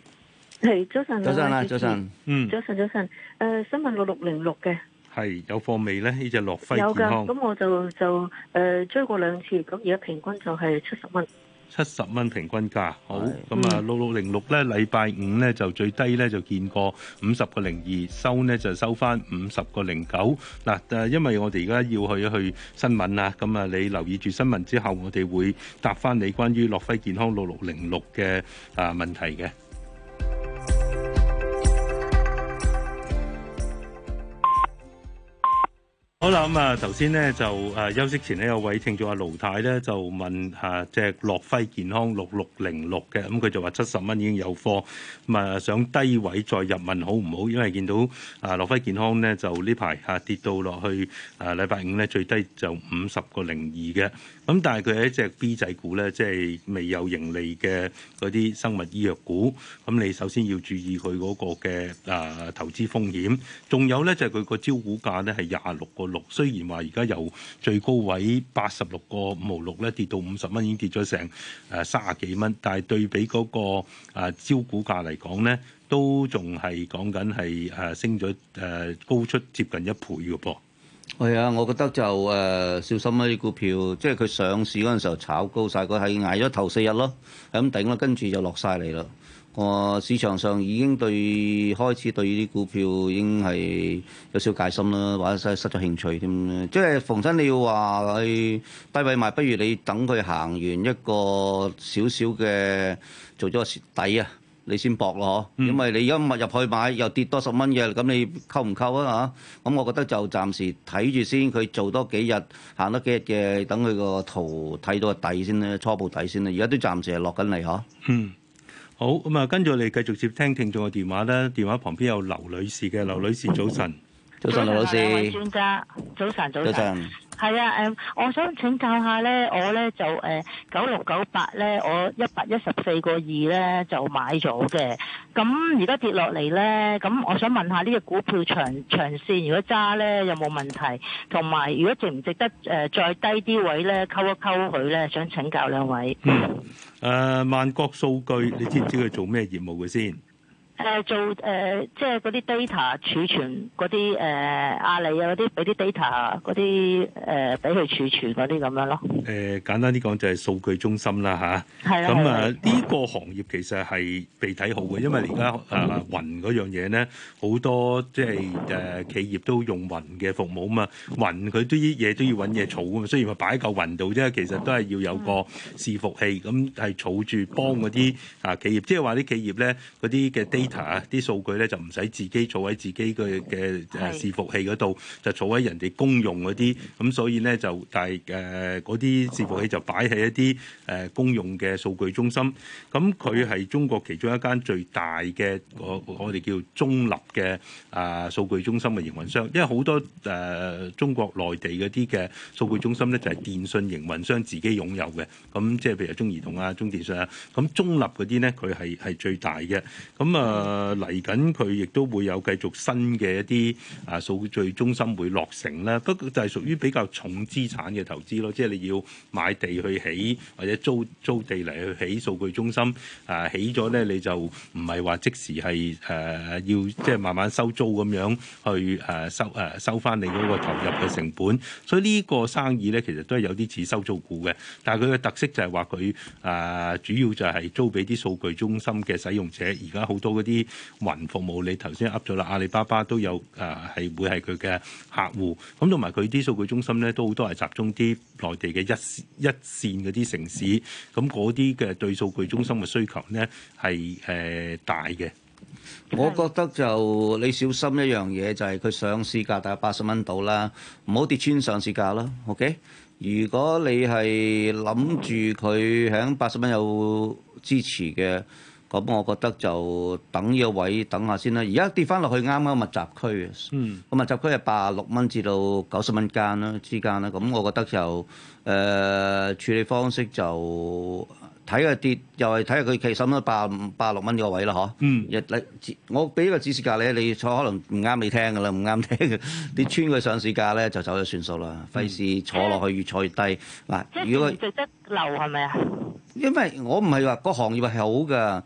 Speaker 1: 係早晨，早晨啦，早晨，嗯，早晨，早晨。誒，新聞六六零六嘅係有貨未咧？呢隻樂輝有噶。咁我就就誒追過兩次，咁而家平均就係七十蚊。七十蚊平均價，好。咁啊，六六零六咧，禮拜五咧就最低咧就見過五十個零二，收咧就收翻五十個零九。嗱，誒，因為我哋而家要去去新聞啊，咁啊，你留意住新聞之後，我哋會答翻你關於樂輝健康六六零六嘅啊問題嘅。好啦，咁啊，頭先咧就誒，休息前呢有位聽眾阿盧太咧就問吓隻樂輝健康六六零六嘅，咁佢就話七十蚊已經有貨，咁啊想低位再入問好唔好？因為見到啊樂輝健康咧就呢排吓跌到落去誒，禮拜五咧最低就五十個零二嘅。咁但係佢係一隻 B 仔股咧，即係未有盈利嘅嗰啲生物醫藥股。咁你首先要注意佢嗰個嘅啊、呃、投資風險。仲有咧就係佢個招股價咧係廿六個六，雖然話而家由最高位八十六個五毫六咧跌到五十蚊，已經跌咗成誒三十幾蚊。但係對比嗰個誒招股價嚟講咧，都仲係講緊係誒升咗誒、呃、高出接近一倍嘅噃。係啊，
Speaker 2: 我覺得就誒、呃、小心啲、啊、股票，即係佢上市嗰陣時候炒高晒，佢係捱咗頭四日咯，係咁頂咯，跟住就落晒嚟咯。我市場上已經對開始對呢啲股票已經係有少戒心啦，或者失咗興趣添。即係逢親你要話去低位買，不如你等佢行完一個少少嘅做咗個底啊！你先搏咯，因為你今日入去買又跌多十蚊嘅，咁你溝唔溝啊嚇？咁我覺得就暫時睇住先，佢做多幾日行多幾日嘅，等佢個圖睇到個底先啦，初步底先
Speaker 1: 啦。而家都暫時係落緊嚟嗬。啊、嗯，好咁啊，跟住你繼續接聽聽眾嘅電話啦。電話旁邊有劉女士嘅，劉女士早晨，早晨劉老師，專家早晨，早晨。係啊，誒，我想請教下咧，我咧就誒九六九八咧，呃、96, 98, 我一百一十四個二咧就買咗嘅。咁而家跌落嚟咧，咁我想問下呢隻股票長長線如果揸咧有冇問題？同埋如果值唔值得誒、呃、再低啲位咧溝一溝佢咧，想請教兩位。嗯，誒、呃、萬國數據，你知唔知佢做咩業務嘅先？誒做誒、呃、即係嗰啲 data 儲存嗰啲，誒阿里啊嗰啲俾啲 data 嗰
Speaker 2: 啲，誒俾佢
Speaker 1: 儲存嗰啲咁樣咯。誒、呃、簡單啲講就係數據中心啦吓，係啊。咁啊呢個行業其實係被睇好嘅，因為而家、嗯、啊雲嗰樣嘢咧好多即係誒、啊、企業都用雲嘅服務啊嘛。雲佢啲嘢都要揾嘢儲啊嘛。雖然話擺喺嚿雲度啫，其實都係要有個伺服器咁係儲住幫嗰啲啊企業，即係話啲企業咧嗰啲嘅 data。嚇！啲數據咧就唔使自己做喺自己嘅嘅伺服器嗰度，就做喺人哋公用嗰啲，咁所以咧就但係誒嗰啲伺服器就擺喺一啲誒、呃、公用嘅數據中心。咁佢係中國其中一間最大嘅，我哋叫中立嘅啊、呃、數據中心嘅營運商，因為好多誒、呃、中國內地嗰啲嘅數據中心咧就係電信營運商自己擁有嘅。咁即係譬如中移動啊、中電信啊，咁中立嗰啲咧佢係係最大嘅。咁啊～、呃誒嚟緊，佢亦都會有繼續新嘅一啲啊數據中心會落成啦。不過就係屬於比較重資產嘅投資咯，即係你要買地去起，或者租租地嚟去起數據中心。誒起咗咧，你就唔係話即時係誒要即係慢慢收租咁樣去誒收誒收翻你嗰個投入嘅成本。所以呢個生意咧，其實都係有啲似收租股嘅，但係佢嘅特色就係話佢誒主要就係租俾啲數據中心嘅使用者。而家好多。啲雲服務，你頭先噏咗啦，阿里巴巴都有誒，係、呃、會係佢嘅客戶，咁同埋佢啲數據中心咧，都好多係集中啲內地嘅一線、一線嗰啲城市，咁嗰啲嘅對數據中心嘅需求咧係誒大嘅。我
Speaker 2: 覺得就你小心一樣嘢，就係、是、佢上市價大概八十蚊到啦，唔好跌穿上市價咯。OK，如果你係諗住佢喺八十蚊有支持嘅。咁我覺得就等呢個位等下先啦。而家跌翻落去啱啱密集區嘅，個、嗯、密集區係八十六蚊至到九十蚊間啦之間啦。咁我覺得就誒、呃、處理方式就。睇下跌，又係睇下佢其實、八五、八六蚊呢個位咯，嗬。嗯。日嚟，我俾個指示價你，你坐可能唔啱你聽嘅啦，唔啱聽嘅。跌穿佢上市價咧，就走咗算數啦，費事坐落去越坐越低嗱。即係直
Speaker 1: 接流係咪啊？
Speaker 2: 果嗯、因為我唔係話個行業係好嘅。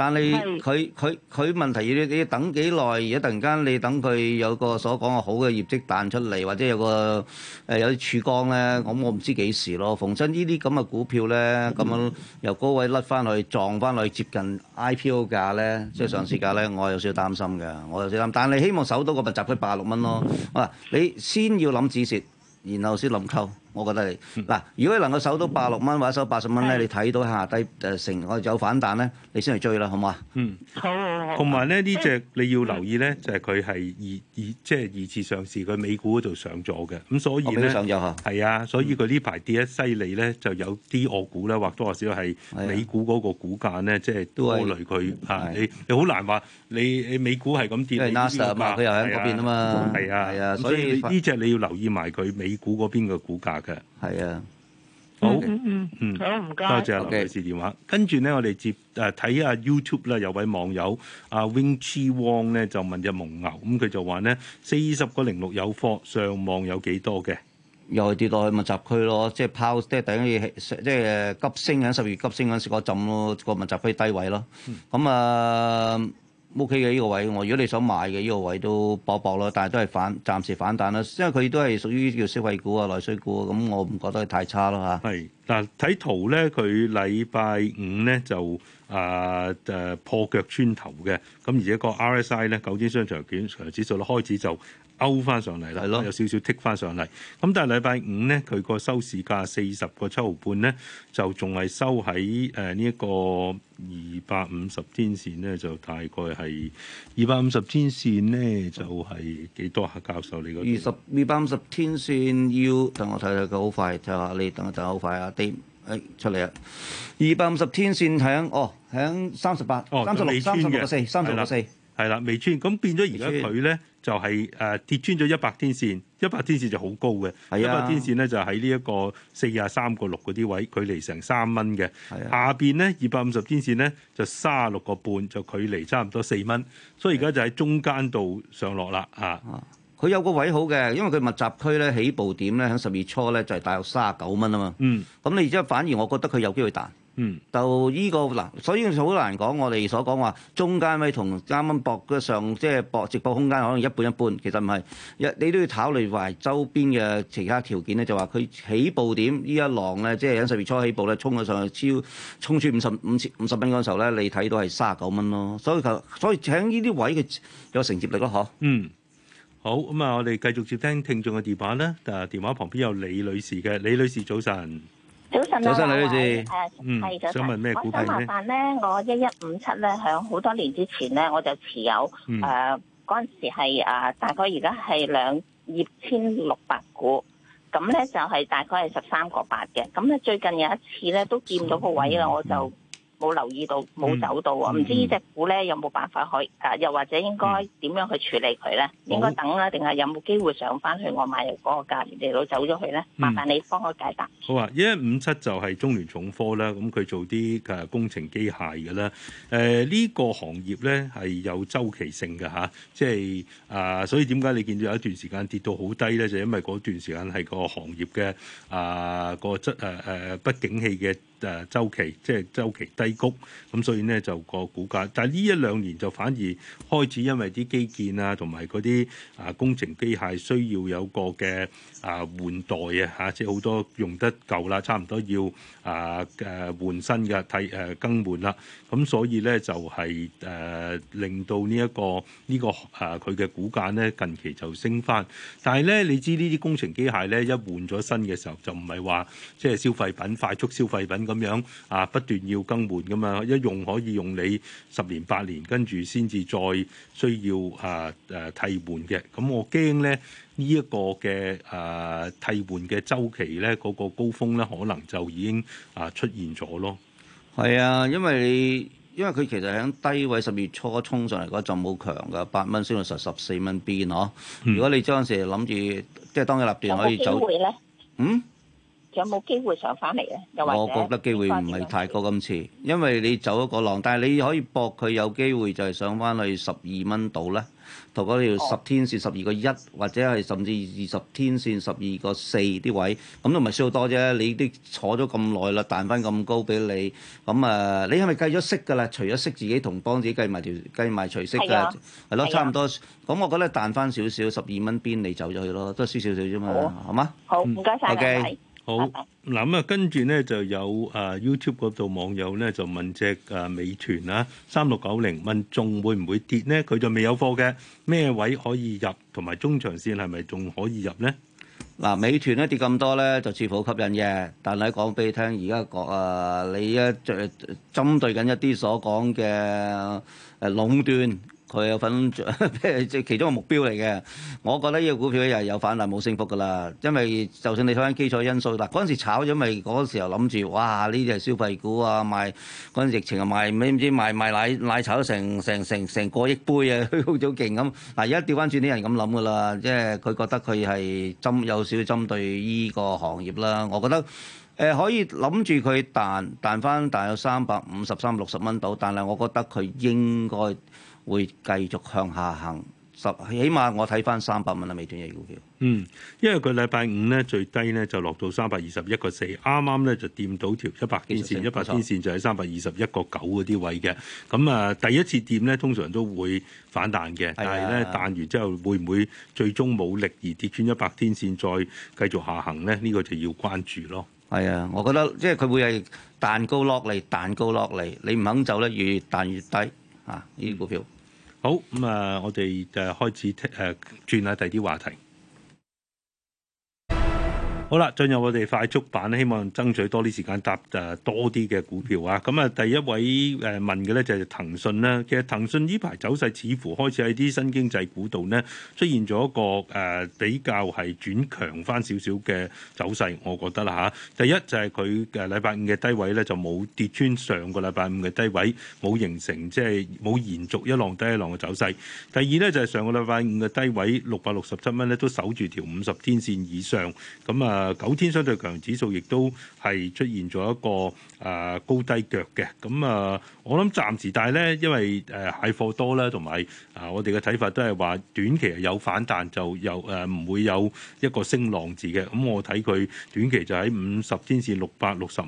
Speaker 2: 但係佢佢佢問題要要等幾耐？而家突然間你等佢有個所講嘅好嘅業績彈出嚟，或者有個誒、呃、有啲曙光咧，咁我唔知幾時咯。逢親呢啲咁嘅股票咧，咁樣由高位甩翻去撞翻去接近 I P O 價咧，嗯、即係上市價咧，我有少少擔心嘅，我有少少擔心。但係希望守到個密集區八六蚊咯。嗱、嗯，你先要諗止蝕，然後先諗溝。我覺得，嗱，如果你能夠守到八六蚊或者收八十蚊咧，哎、呀你睇到下低誒、呃、成有反彈咧，你先去追啦，好嘛？嗯，
Speaker 1: 好。同埋咧，呢隻你要留意咧，就係佢係二二即係二次上市，佢美股嗰度上咗嘅，咁、嗯、所以咧，係、哦、啊，所以佢呢排跌得犀利咧，就有啲惡股咧，或多或少係美股嗰個股價咧，即係拖累佢嚇。你、啊、你好難話你你美股係咁跌，因為納斯啊嘛，佢又喺嗰邊啊嘛，係啊係啊，所以呢隻以你要留意埋佢美股嗰邊嘅股價。嘅係啊，Okay. 好
Speaker 2: ，Okay. 嗯，好，唔該，多謝
Speaker 1: 林女士電話。跟住咧，我哋接誒睇、呃、下 YouTube 啦。有位網友阿、啊、Wing Che Wong 咧就問隻蒙牛，咁、嗯、佢就話咧四十個零六有貨，上望有幾多
Speaker 2: 嘅？又跌落去密集區咯，即係拋，即係等於即係急升緊，十月急升緊時嗰陣咯，個密集區低位咯，咁啊、嗯。OK 嘅呢個位，我如果你想買嘅呢、呢個位都搏搏咯，但係都係反暫時反彈啦，因為佢都係屬於叫
Speaker 1: 消費股啊、內需股，咁我唔覺得太差咯吓。係。嗱睇圖咧，佢禮拜五咧就啊、誒、啊、破腳穿頭嘅。咁而且個 RSI 咧，九天商場卷上指數咧開始就勾翻上嚟啦對了、嗯，有少少剔 i 翻上嚟。咁但係禮拜五咧，佢個收市價四十個七毫半咧，啊，這個、就仲係收喺誒呢一個二百五十天線咧，就大概係二百五十天線咧就係幾多啊？教授你嗰二十二百五十天線
Speaker 2: 要等我睇睇佢好快，睇下你等我等好快啊！點誒出嚟啊？二
Speaker 1: 百五十天線響哦，響三十八、三十六、三十四、三十六四，係啦，未穿。咁變咗而家佢咧就係、是、誒、呃、跌穿咗一百天線，一百天線就好高嘅。係一百天線咧就喺呢一個四十三個六嗰啲位，距離成三蚊嘅。係的下邊咧二百五十天線咧就三十六個半，就距離差唔多四蚊。所以而家就喺中間度上落啦，嚇、啊佢有個位好嘅，因為佢密集區咧起步
Speaker 2: 點咧喺十二月初咧就係、是、大約三十九蚊啊嘛。嗯。咁你之後反而我覺得佢有機會彈。嗯。就依、這個嗱，所以好難講。我哋所講話中間位同啱啱博嘅上，即係博直播空間可能一半一半，其實唔係。一你都要考慮埋周邊嘅其他條件咧，就話佢起步點呢一浪咧，即係喺十二月初起步咧，衝咗上去超，衝出五十五五十蚊嗰時候咧，你睇到係三十九蚊咯。所以就所以喺呢啲位嘅
Speaker 1: 有承接力咯，嗬。嗯。好咁啊！我哋繼續接聽聽眾嘅電話咧。誒，電話旁邊有李女士嘅。李女士早晨，
Speaker 2: 早晨，早晨，李女士，嗯，早晨想問咩股票咧？我想麻煩咧，我一一五七咧，響好多年之前咧，我就持有誒嗰陣時係誒，大概而家係兩億千六百股咁咧，就係大概係十三個八嘅。咁咧最近有一次咧都見到個位啦，我就。冇留意到，冇走到喎，唔、嗯、知隻呢隻股咧有冇辦法可以啊？又或者應該點樣去處理佢咧？嗯、應該等啦，定係有冇機會上翻去我買入嗰個價，而
Speaker 1: 攞走咗去咧？麻煩你幫我解答。好啊，一一五七就係中聯重科啦，咁佢做啲誒工程機械嘅啦。誒、呃、呢、呢個行業咧係有周期性嘅嚇，即係啊，所以點解你見到有一段時間跌到好低咧？就因為嗰段時間係個行業嘅啊、嗰個質誒誒不景氣嘅。誒周期即係周期低谷，咁所以咧就個股價。但係呢一兩年就反而開始因為啲基建啊同埋嗰啲啊工程機械需要有個嘅啊換代啊嚇，即係好多用得舊啦，差唔多要。啊，誒換新嘅替誒、啊、更換啦，咁所以咧就係、是、誒、啊、令到呢、這、一個呢、這個啊佢嘅股價咧近期就升翻，但係咧你知呢啲工程機械咧一換咗新嘅時候，就唔係話即係消費品快速消費品咁樣啊不斷要更換噶嘛，一用可以用你十年八年，跟住先至再需要啊誒、啊、替換嘅，咁我驚咧。呢一個嘅誒、呃、替換嘅周期咧，嗰、嗰個高峰咧，可能就已經啊、呃、出現咗咯。係啊，因為你因為佢其實喺低位十月初衝上嚟嗰陣冇強
Speaker 2: 噶，八蚊升到十十四蚊邊咯。啊嗯、如果你嗰陣時諗住即係當日立段可以走，有有會呢嗯，有冇機會上翻嚟咧？又或我覺得機會唔係太高今次，因為你走咗個浪，但係你可以搏佢有機會就係上翻去十二蚊度啦。同嗰條十天線十二個一，或者係甚至二十天線十二個四啲位，咁都唔係輸好多啫。你啲坐咗咁耐啦，彈翻咁高俾你，咁啊，你係咪計咗息㗎啦？除咗息，自己同幫自己計埋條，計埋除息㗎，係咯，差唔多。咁我覺得彈翻少少十二蚊邊，你走咗去咯，都係輸少少啫嘛，好、啊、嗎？
Speaker 1: 好，唔該晒。OK。好嗱，咁啊，跟住咧就有啊 YouTube 度網友咧就問隻啊美團啦，三六九零，問仲會唔會跌咧？佢就未有貨嘅，咩位可以入？同埋中長線係咪仲可以入咧？嗱，
Speaker 2: 美團咧跌咁多咧，就似乎好吸引嘅。但係講俾你聽，而家講啊，你一就針對緊一啲所講嘅誒壟斷。佢他有份即 係其中個目標嚟嘅，我覺得呢個股票又係有反彈冇升幅㗎啦。因為就算你睇翻基礎因素，嗱嗰陣時炒咗咪嗰個時候諗住哇呢啲係消費股啊，賣，嗰陣疫情又賣你知唔知賣，賣奶奶炒成成成成過億杯啊，好有勁咁。嗱而家調翻轉啲人咁諗㗎啦，即係佢覺得佢係針有少少針對依個行業啦。我覺得誒可以諗住佢彈彈翻大約三百五十三六十蚊到，但係我覺得佢應該。會繼續向
Speaker 1: 下行，十起碼我睇返三百蚊啦，美團嘅股票。嗯，因為個禮拜五咧最低咧就落到三百二十一個四，啱啱咧就掂到條一百天線，一百天線就係三百二十一個九嗰啲位嘅。咁啊錯，第一次掂咧通常都會反彈嘅，但係咧、哎、呀彈完之後會唔會最終冇力而跌穿一百天線，再繼續下行咧？呢、呢個就要關注咯。係啊、哎，我覺得即係佢會係彈高落嚟，彈高落嚟，你唔肯走咧，越彈越低啊！呢啲股票。好咁啊、嗯！我哋就開始聽誒轉下第二啲話題。好啦，進入我哋快速版咧，希望爭取多啲時間搭誒多啲嘅股票啊！咁啊，第一位誒問嘅咧就係騰訊啦。其實騰訊呢排走勢似乎開始喺啲新經濟股度咧出現咗一個誒比較係轉強翻少少嘅走勢，我覺得啦嚇、啊。第一就係佢嘅禮拜五嘅低位咧就冇跌穿上個禮拜五嘅低位，冇形成即係冇延續一浪低一浪嘅走勢。第二咧就係上個禮拜五嘅低位六百六十七蚊咧都守住條五十天線以上，咁啊～誒九天相對強指數亦都係出現咗一個誒高低腳嘅，咁啊，我諗暫時，但係咧，因為誒蟹貨多啦，同埋啊，我哋嘅睇法都係話短期係有反彈就有，就又誒唔會有一個升浪字嘅，咁我睇佢短期就喺五十天線六百六十五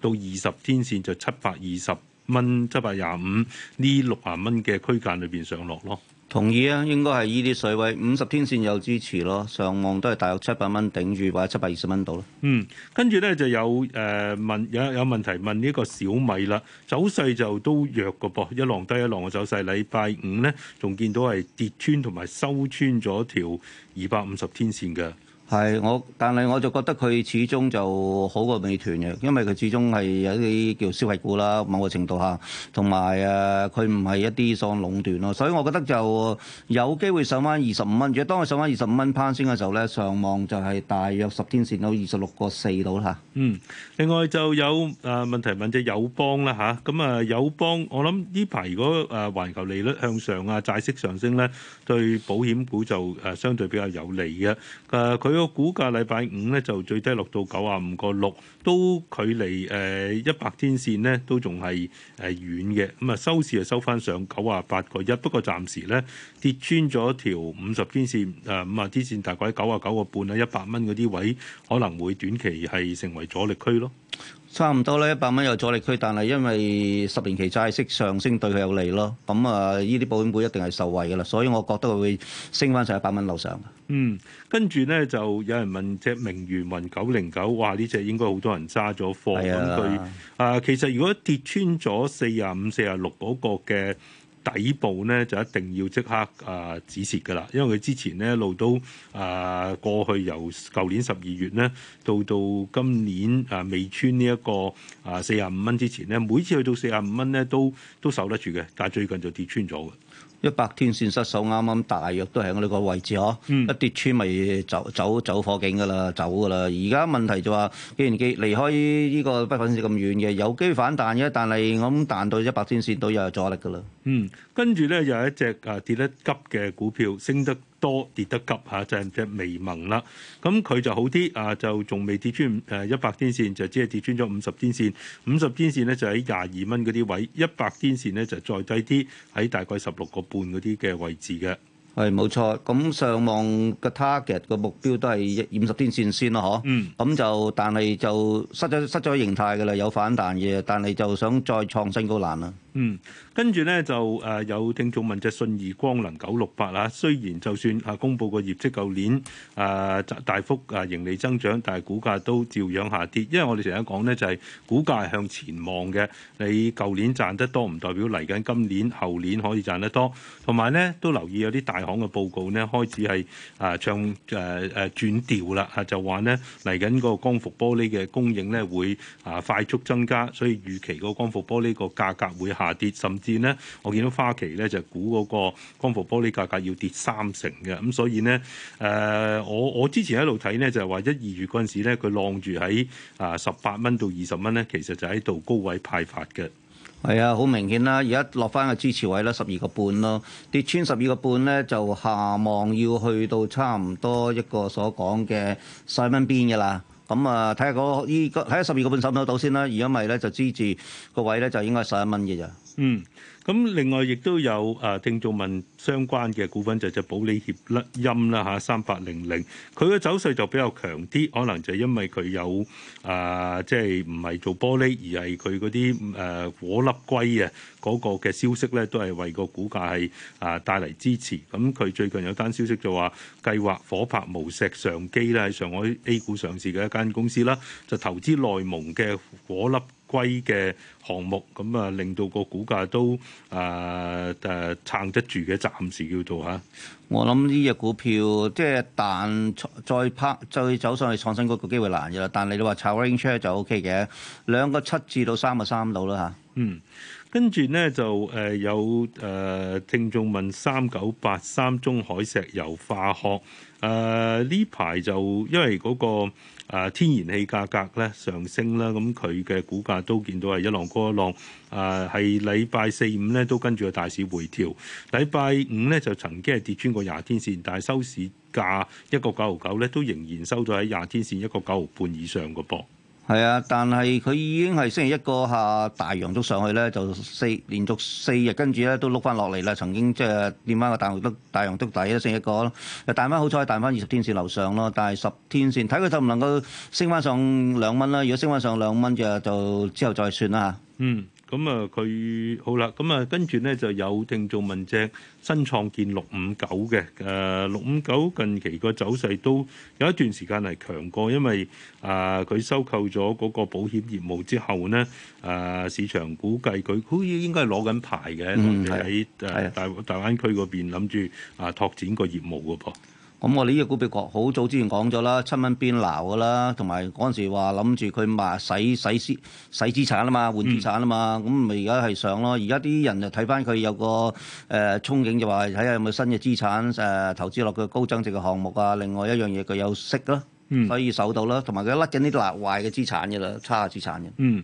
Speaker 1: 到二十天線就七百二十蚊、七百廿五呢六十蚊嘅區間裏邊上落咯。
Speaker 2: 同意啊，應該係依啲水位五十天線有支持咯，上望都係大約七百蚊頂住或者七百二十蚊度咯。嗯，
Speaker 1: 跟住咧就有誒、呃、問有有問題問呢個小米啦，走勢就都弱個噃，一浪低一浪嘅走勢。禮拜五咧仲見到係跌穿同埋收穿咗條二百五十天線嘅。係我，
Speaker 2: 但係我就覺得佢始終就好過美團嘅，因為佢始終係有啲叫消費股啦，某個程度下，同埋誒佢唔係一啲喪壟斷咯，所以我覺得就有機會上翻二十五蚊。如果當佢上翻二十五蚊攀升嘅時候咧，上望就係大約十天線到二十六個四到啦。嚇！嗯，
Speaker 1: 另外就有誒問題問隻友邦啦嚇，咁啊友邦，我諗呢排如果誒環球利率向上啊，債息上升咧，對保險股就誒相對比較有利嘅。誒佢。個股價禮拜五咧就最低落到九啊五個六，都距離誒一百天線咧都仲係誒遠嘅，咁啊收市啊收翻上九啊八個一，不過暫時咧跌穿咗條五十天線誒五啊天線，呃、天線大概九啊九個半啊，一百蚊嗰啲位可能會短期係成為阻力區咯。差唔多啦，一百蚊有阻力區，但係
Speaker 2: 因為十年期債息上升對佢有利咯，咁啊，呢啲保險股一定係受惠噶啦，所以我覺得佢會升翻上一百蚊樓上。嗯，
Speaker 1: 跟住咧就有人問隻明源雲九零九，哇！呢隻應該好多人揸咗貨，咁佢啊，其實如果跌穿咗四廿五、四廿六嗰個嘅。底部咧就一定要即刻啊止蝕噶啦，因為佢之前咧一路都啊、呃、過去由舊年十二月咧到到今年啊、呃、未穿呢、這、一個啊四廿五蚊之前咧，每次去到四廿五蚊咧都都守得住嘅，但係最近就跌穿咗嘅一百天線失
Speaker 2: 守，啱啱大約都喺我呢個位置呵，嗯、一跌穿咪走走走火警噶啦，走噶啦。而家問題就話、是、既然機離開呢個百分線咁遠嘅有機會反彈嘅，但係我咁彈到一百天線都有阻力噶啦。
Speaker 1: 嗯，跟住咧又有一隻啊跌得急嘅股票，升得多跌得急嚇，就係隻微盟啦。咁佢就好啲啊，就仲未跌穿誒一百天線，就只係跌穿咗五十天線。五十天線咧就喺廿二蚊嗰啲位，一百天線咧就再低啲，喺大概十六個半嗰啲嘅位置嘅。係冇錯，咁上望嘅 target 個目標都係五十天線先
Speaker 2: 咯，嗬。嗯。咁就但係就失咗失咗形態嘅啦，有反彈嘅，但係就想
Speaker 1: 再創新高難啦。嗯，跟住咧就誒有聽眾問隻信義光能九六八啊，雖然就算啊公佈個業績舊年誒、呃、大幅啊盈利增長，但係股價都照樣下跌。因為我哋成日講咧就係股價向前望嘅，你舊年賺得多唔代表嚟緊今年後年可以賺得多。同埋咧都留意有啲大行嘅報告咧開始係啊唱誒誒轉調啦啊，就話咧嚟緊個光伏玻璃嘅供應咧會啊快速增加，所以預期個光伏玻璃個價格會下。跌，甚至呢，我見到花旗咧就估嗰個光伏玻璃價格要跌三成嘅，咁所以呢，誒、呃，我我之前喺度睇呢，就係話一二月嗰陣時咧，佢晾住喺啊十八蚊到二十蚊咧，其實就喺度高位派發嘅。係啊，好明顯啦，而家落翻個支持位啦，十二個半咯，跌穿十二個
Speaker 2: 半咧，就下望要去到差唔多一個所講嘅細蚊邊嘅啦。咁啊，睇下個依個睇下十二個半收唔收到先啦，而家咪係咧就支住個
Speaker 1: 位咧就應該十一蚊嘅咋。嗯。咁另外亦都有啊，聽眾問相關嘅股份就只保利協啦，鑫啦嚇，三八零零，佢嘅走勢就比較強啲，可能就因為佢有啊，即係唔係做玻璃，而係佢嗰啲誒顆粒硅啊嗰個嘅消息咧，都係為個股價係啊帶嚟支持。咁佢最近有單消息就話，計劃夥拍無錫上機咧，喺上海 A 股上市嘅一間公司啦，就投資內蒙嘅顆粒。歸嘅項目咁啊，令到個股價都啊誒、呃呃、撐得住嘅，暫時叫
Speaker 2: 做嚇。啊、我諗呢隻股票即係但再拍，再走上去創新高嘅機會難嘅啦。但係你都話炒 range 就 OK 嘅，兩個七至到三個三度啦嚇。啊、
Speaker 1: 嗯，跟住咧就誒有誒聽眾問三九八三中海石油化學誒呢排就因為嗰、那個。啊，天然氣價格咧上升啦，咁佢嘅股價都見到係一浪高一浪。啊，係禮拜四五咧都跟住個大市回調，禮拜五咧就曾經係跌穿過廿天線，但係收市價一個九毫九咧都仍然收到在喺廿天線一個九毫半以上嘅噃。係啊，但係佢已經係星期一個下大
Speaker 2: 陽燭上去咧，就四連續四日跟住咧都碌翻落嚟啦。曾經即係掂翻個大陽燭，大陽燭底啦，升一個咯。彈翻好彩，彈翻二十天線樓上咯。但係十天線睇佢就唔能夠升翻上兩蚊啦。如果升翻上兩蚊嘅，就之後再算啦嚇。嗯。
Speaker 1: 咁啊，佢好啦，咁啊，跟住咧就有聽眾問隻新創建六五九嘅。誒六五九近期個走勢都有一段時間係強過，因為啊，佢收購咗嗰個保險業務之後咧，啊市場估計佢好似應該係攞緊牌嘅，喺大大灣區嗰邊諗住啊拓展個業務嘅噃。咁、嗯、我哋呢隻股票好早之前講咗啦，七蚊邊撈
Speaker 2: 噶啦，同埋嗰陣時話諗住佢賣晒晒資晒資產吖嘛，換資產吖嘛，咁咪而家係上咯。而家啲人就睇翻佢有個誒、呃、憧憬就，就話睇下有冇新嘅資產誒、呃、投資落個高增值嘅項目啊。另外一樣嘢佢有息啦。嗯，所以受到啦，同埋佢甩緊啲壞嘅資產嘅啦，差嘅資產嘅。嗯，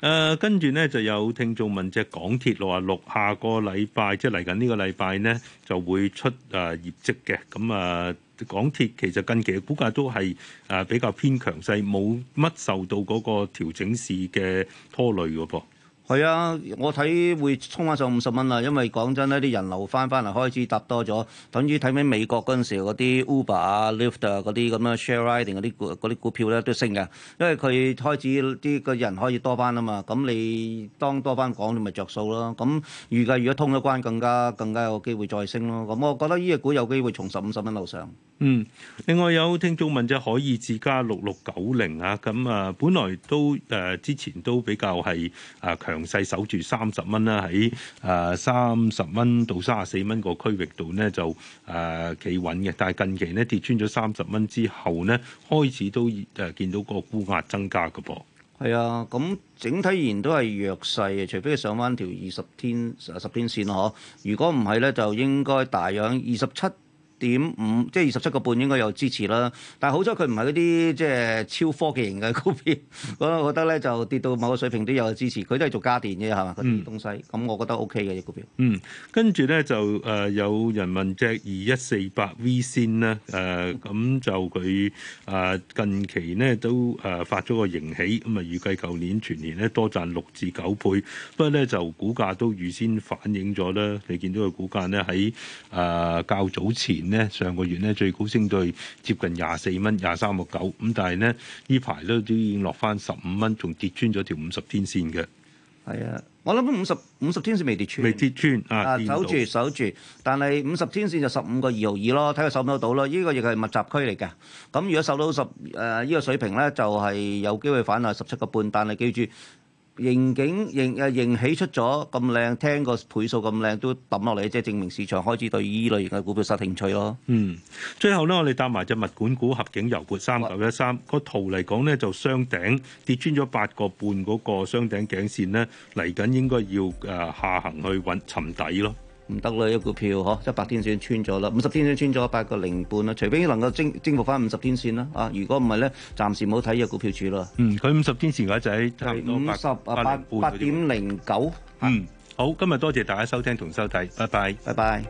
Speaker 1: 誒跟住咧就有聽眾問，即係港鐵話六下個禮拜，即係嚟緊呢個禮拜咧就會出誒、呃、業績嘅。咁、嗯、啊、呃，港鐵其實近期嘅股價都係誒、呃、比較偏強勢，冇乜受到嗰個調整市嘅拖累嘅噃。呃
Speaker 2: 係啊，我睇會衝翻上五十蚊啦，因為講真咧，啲人流翻翻嚟開始搭多咗，等於睇起美國嗰陣時嗰啲 Uber 啊、Lyft 啊嗰啲咁樣 share riding 啲股嗰啲股票咧都升嘅，因為佢開始啲個人可以多翻啦嘛，咁你當多翻講，你咪着數咯。咁預計如果通咗關，更加更加有機會再升咯。咁我覺得呢隻股有機會重拾五十蚊樓上。
Speaker 1: 嗯，另外有聽眾問就海爾智家六六九零啊，咁啊，本來都誒、呃、之前都比較係啊、呃、強勢守住三十蚊啦，喺啊三十蚊到三十四蚊個區域度呢就誒企、呃、穩嘅，但係近期呢，跌穿咗三十蚊之後呢，開始都誒見到個沽壓增加嘅噃。
Speaker 2: 係啊，咁整體而言都係弱勢嘅，除非上返條二十天十天線咯嗬。如果唔係咧，就應該大約二十七點五即係二十七個半應該有支持啦，但係好彩佢唔係嗰啲即係超科技型嘅股票，我覺得咧就跌到某個水平都有支持。佢都係做家電啫係嘛，嗰啲東西，咁、嗯、我覺得 OK 嘅一隻股票。嗯，
Speaker 1: 跟住咧就誒有人問隻二一四八 V 先啦，誒、呃、咁就佢誒、呃、近期呢都誒發咗個盈喜，咁啊預計舊年全年咧多賺六至九倍，不過咧就股價都預先反映咗啦，你見到個股價咧喺誒較早前。上個月咧最高升到接近廿四蚊，廿三個九咁，但係咧呢排都都已經落翻十五蚊，仲跌穿咗條五十天線嘅。係啊，我諗五十五十天線未跌穿，未跌穿啊，守住守住，但係五十天
Speaker 2: 線就十五個二毫二咯，睇下守唔守到咯。呢個亦係密集區嚟嘅。咁如果守到十誒呢個水平咧，就係有機會反上十七個半。但係記住。盈警盈誒盈喜出咗咁靚，聽個倍數咁靚都抌落嚟，即係證明市場開始對依類型
Speaker 1: 嘅股票失興趣咯。嗯，最後呢，我哋搭埋隻物管股合景悠活三九一三個圖嚟講呢就雙頂跌穿咗八個半嗰個雙頂頸線咧，嚟緊應該要誒下行去揾尋底咯。唔得啦，一個股票嗬，一百天線穿
Speaker 2: 咗啦，五十天線穿咗八個零半啦，除非能夠征征服返五十天線啦，啊，如果唔係咧，暫時冇睇呢個股票住啦。嗯，佢五十天線嘅話就喺五十八八點零
Speaker 1: 九。嗯，好，今日多謝大家收聽同收睇，拜拜，拜拜。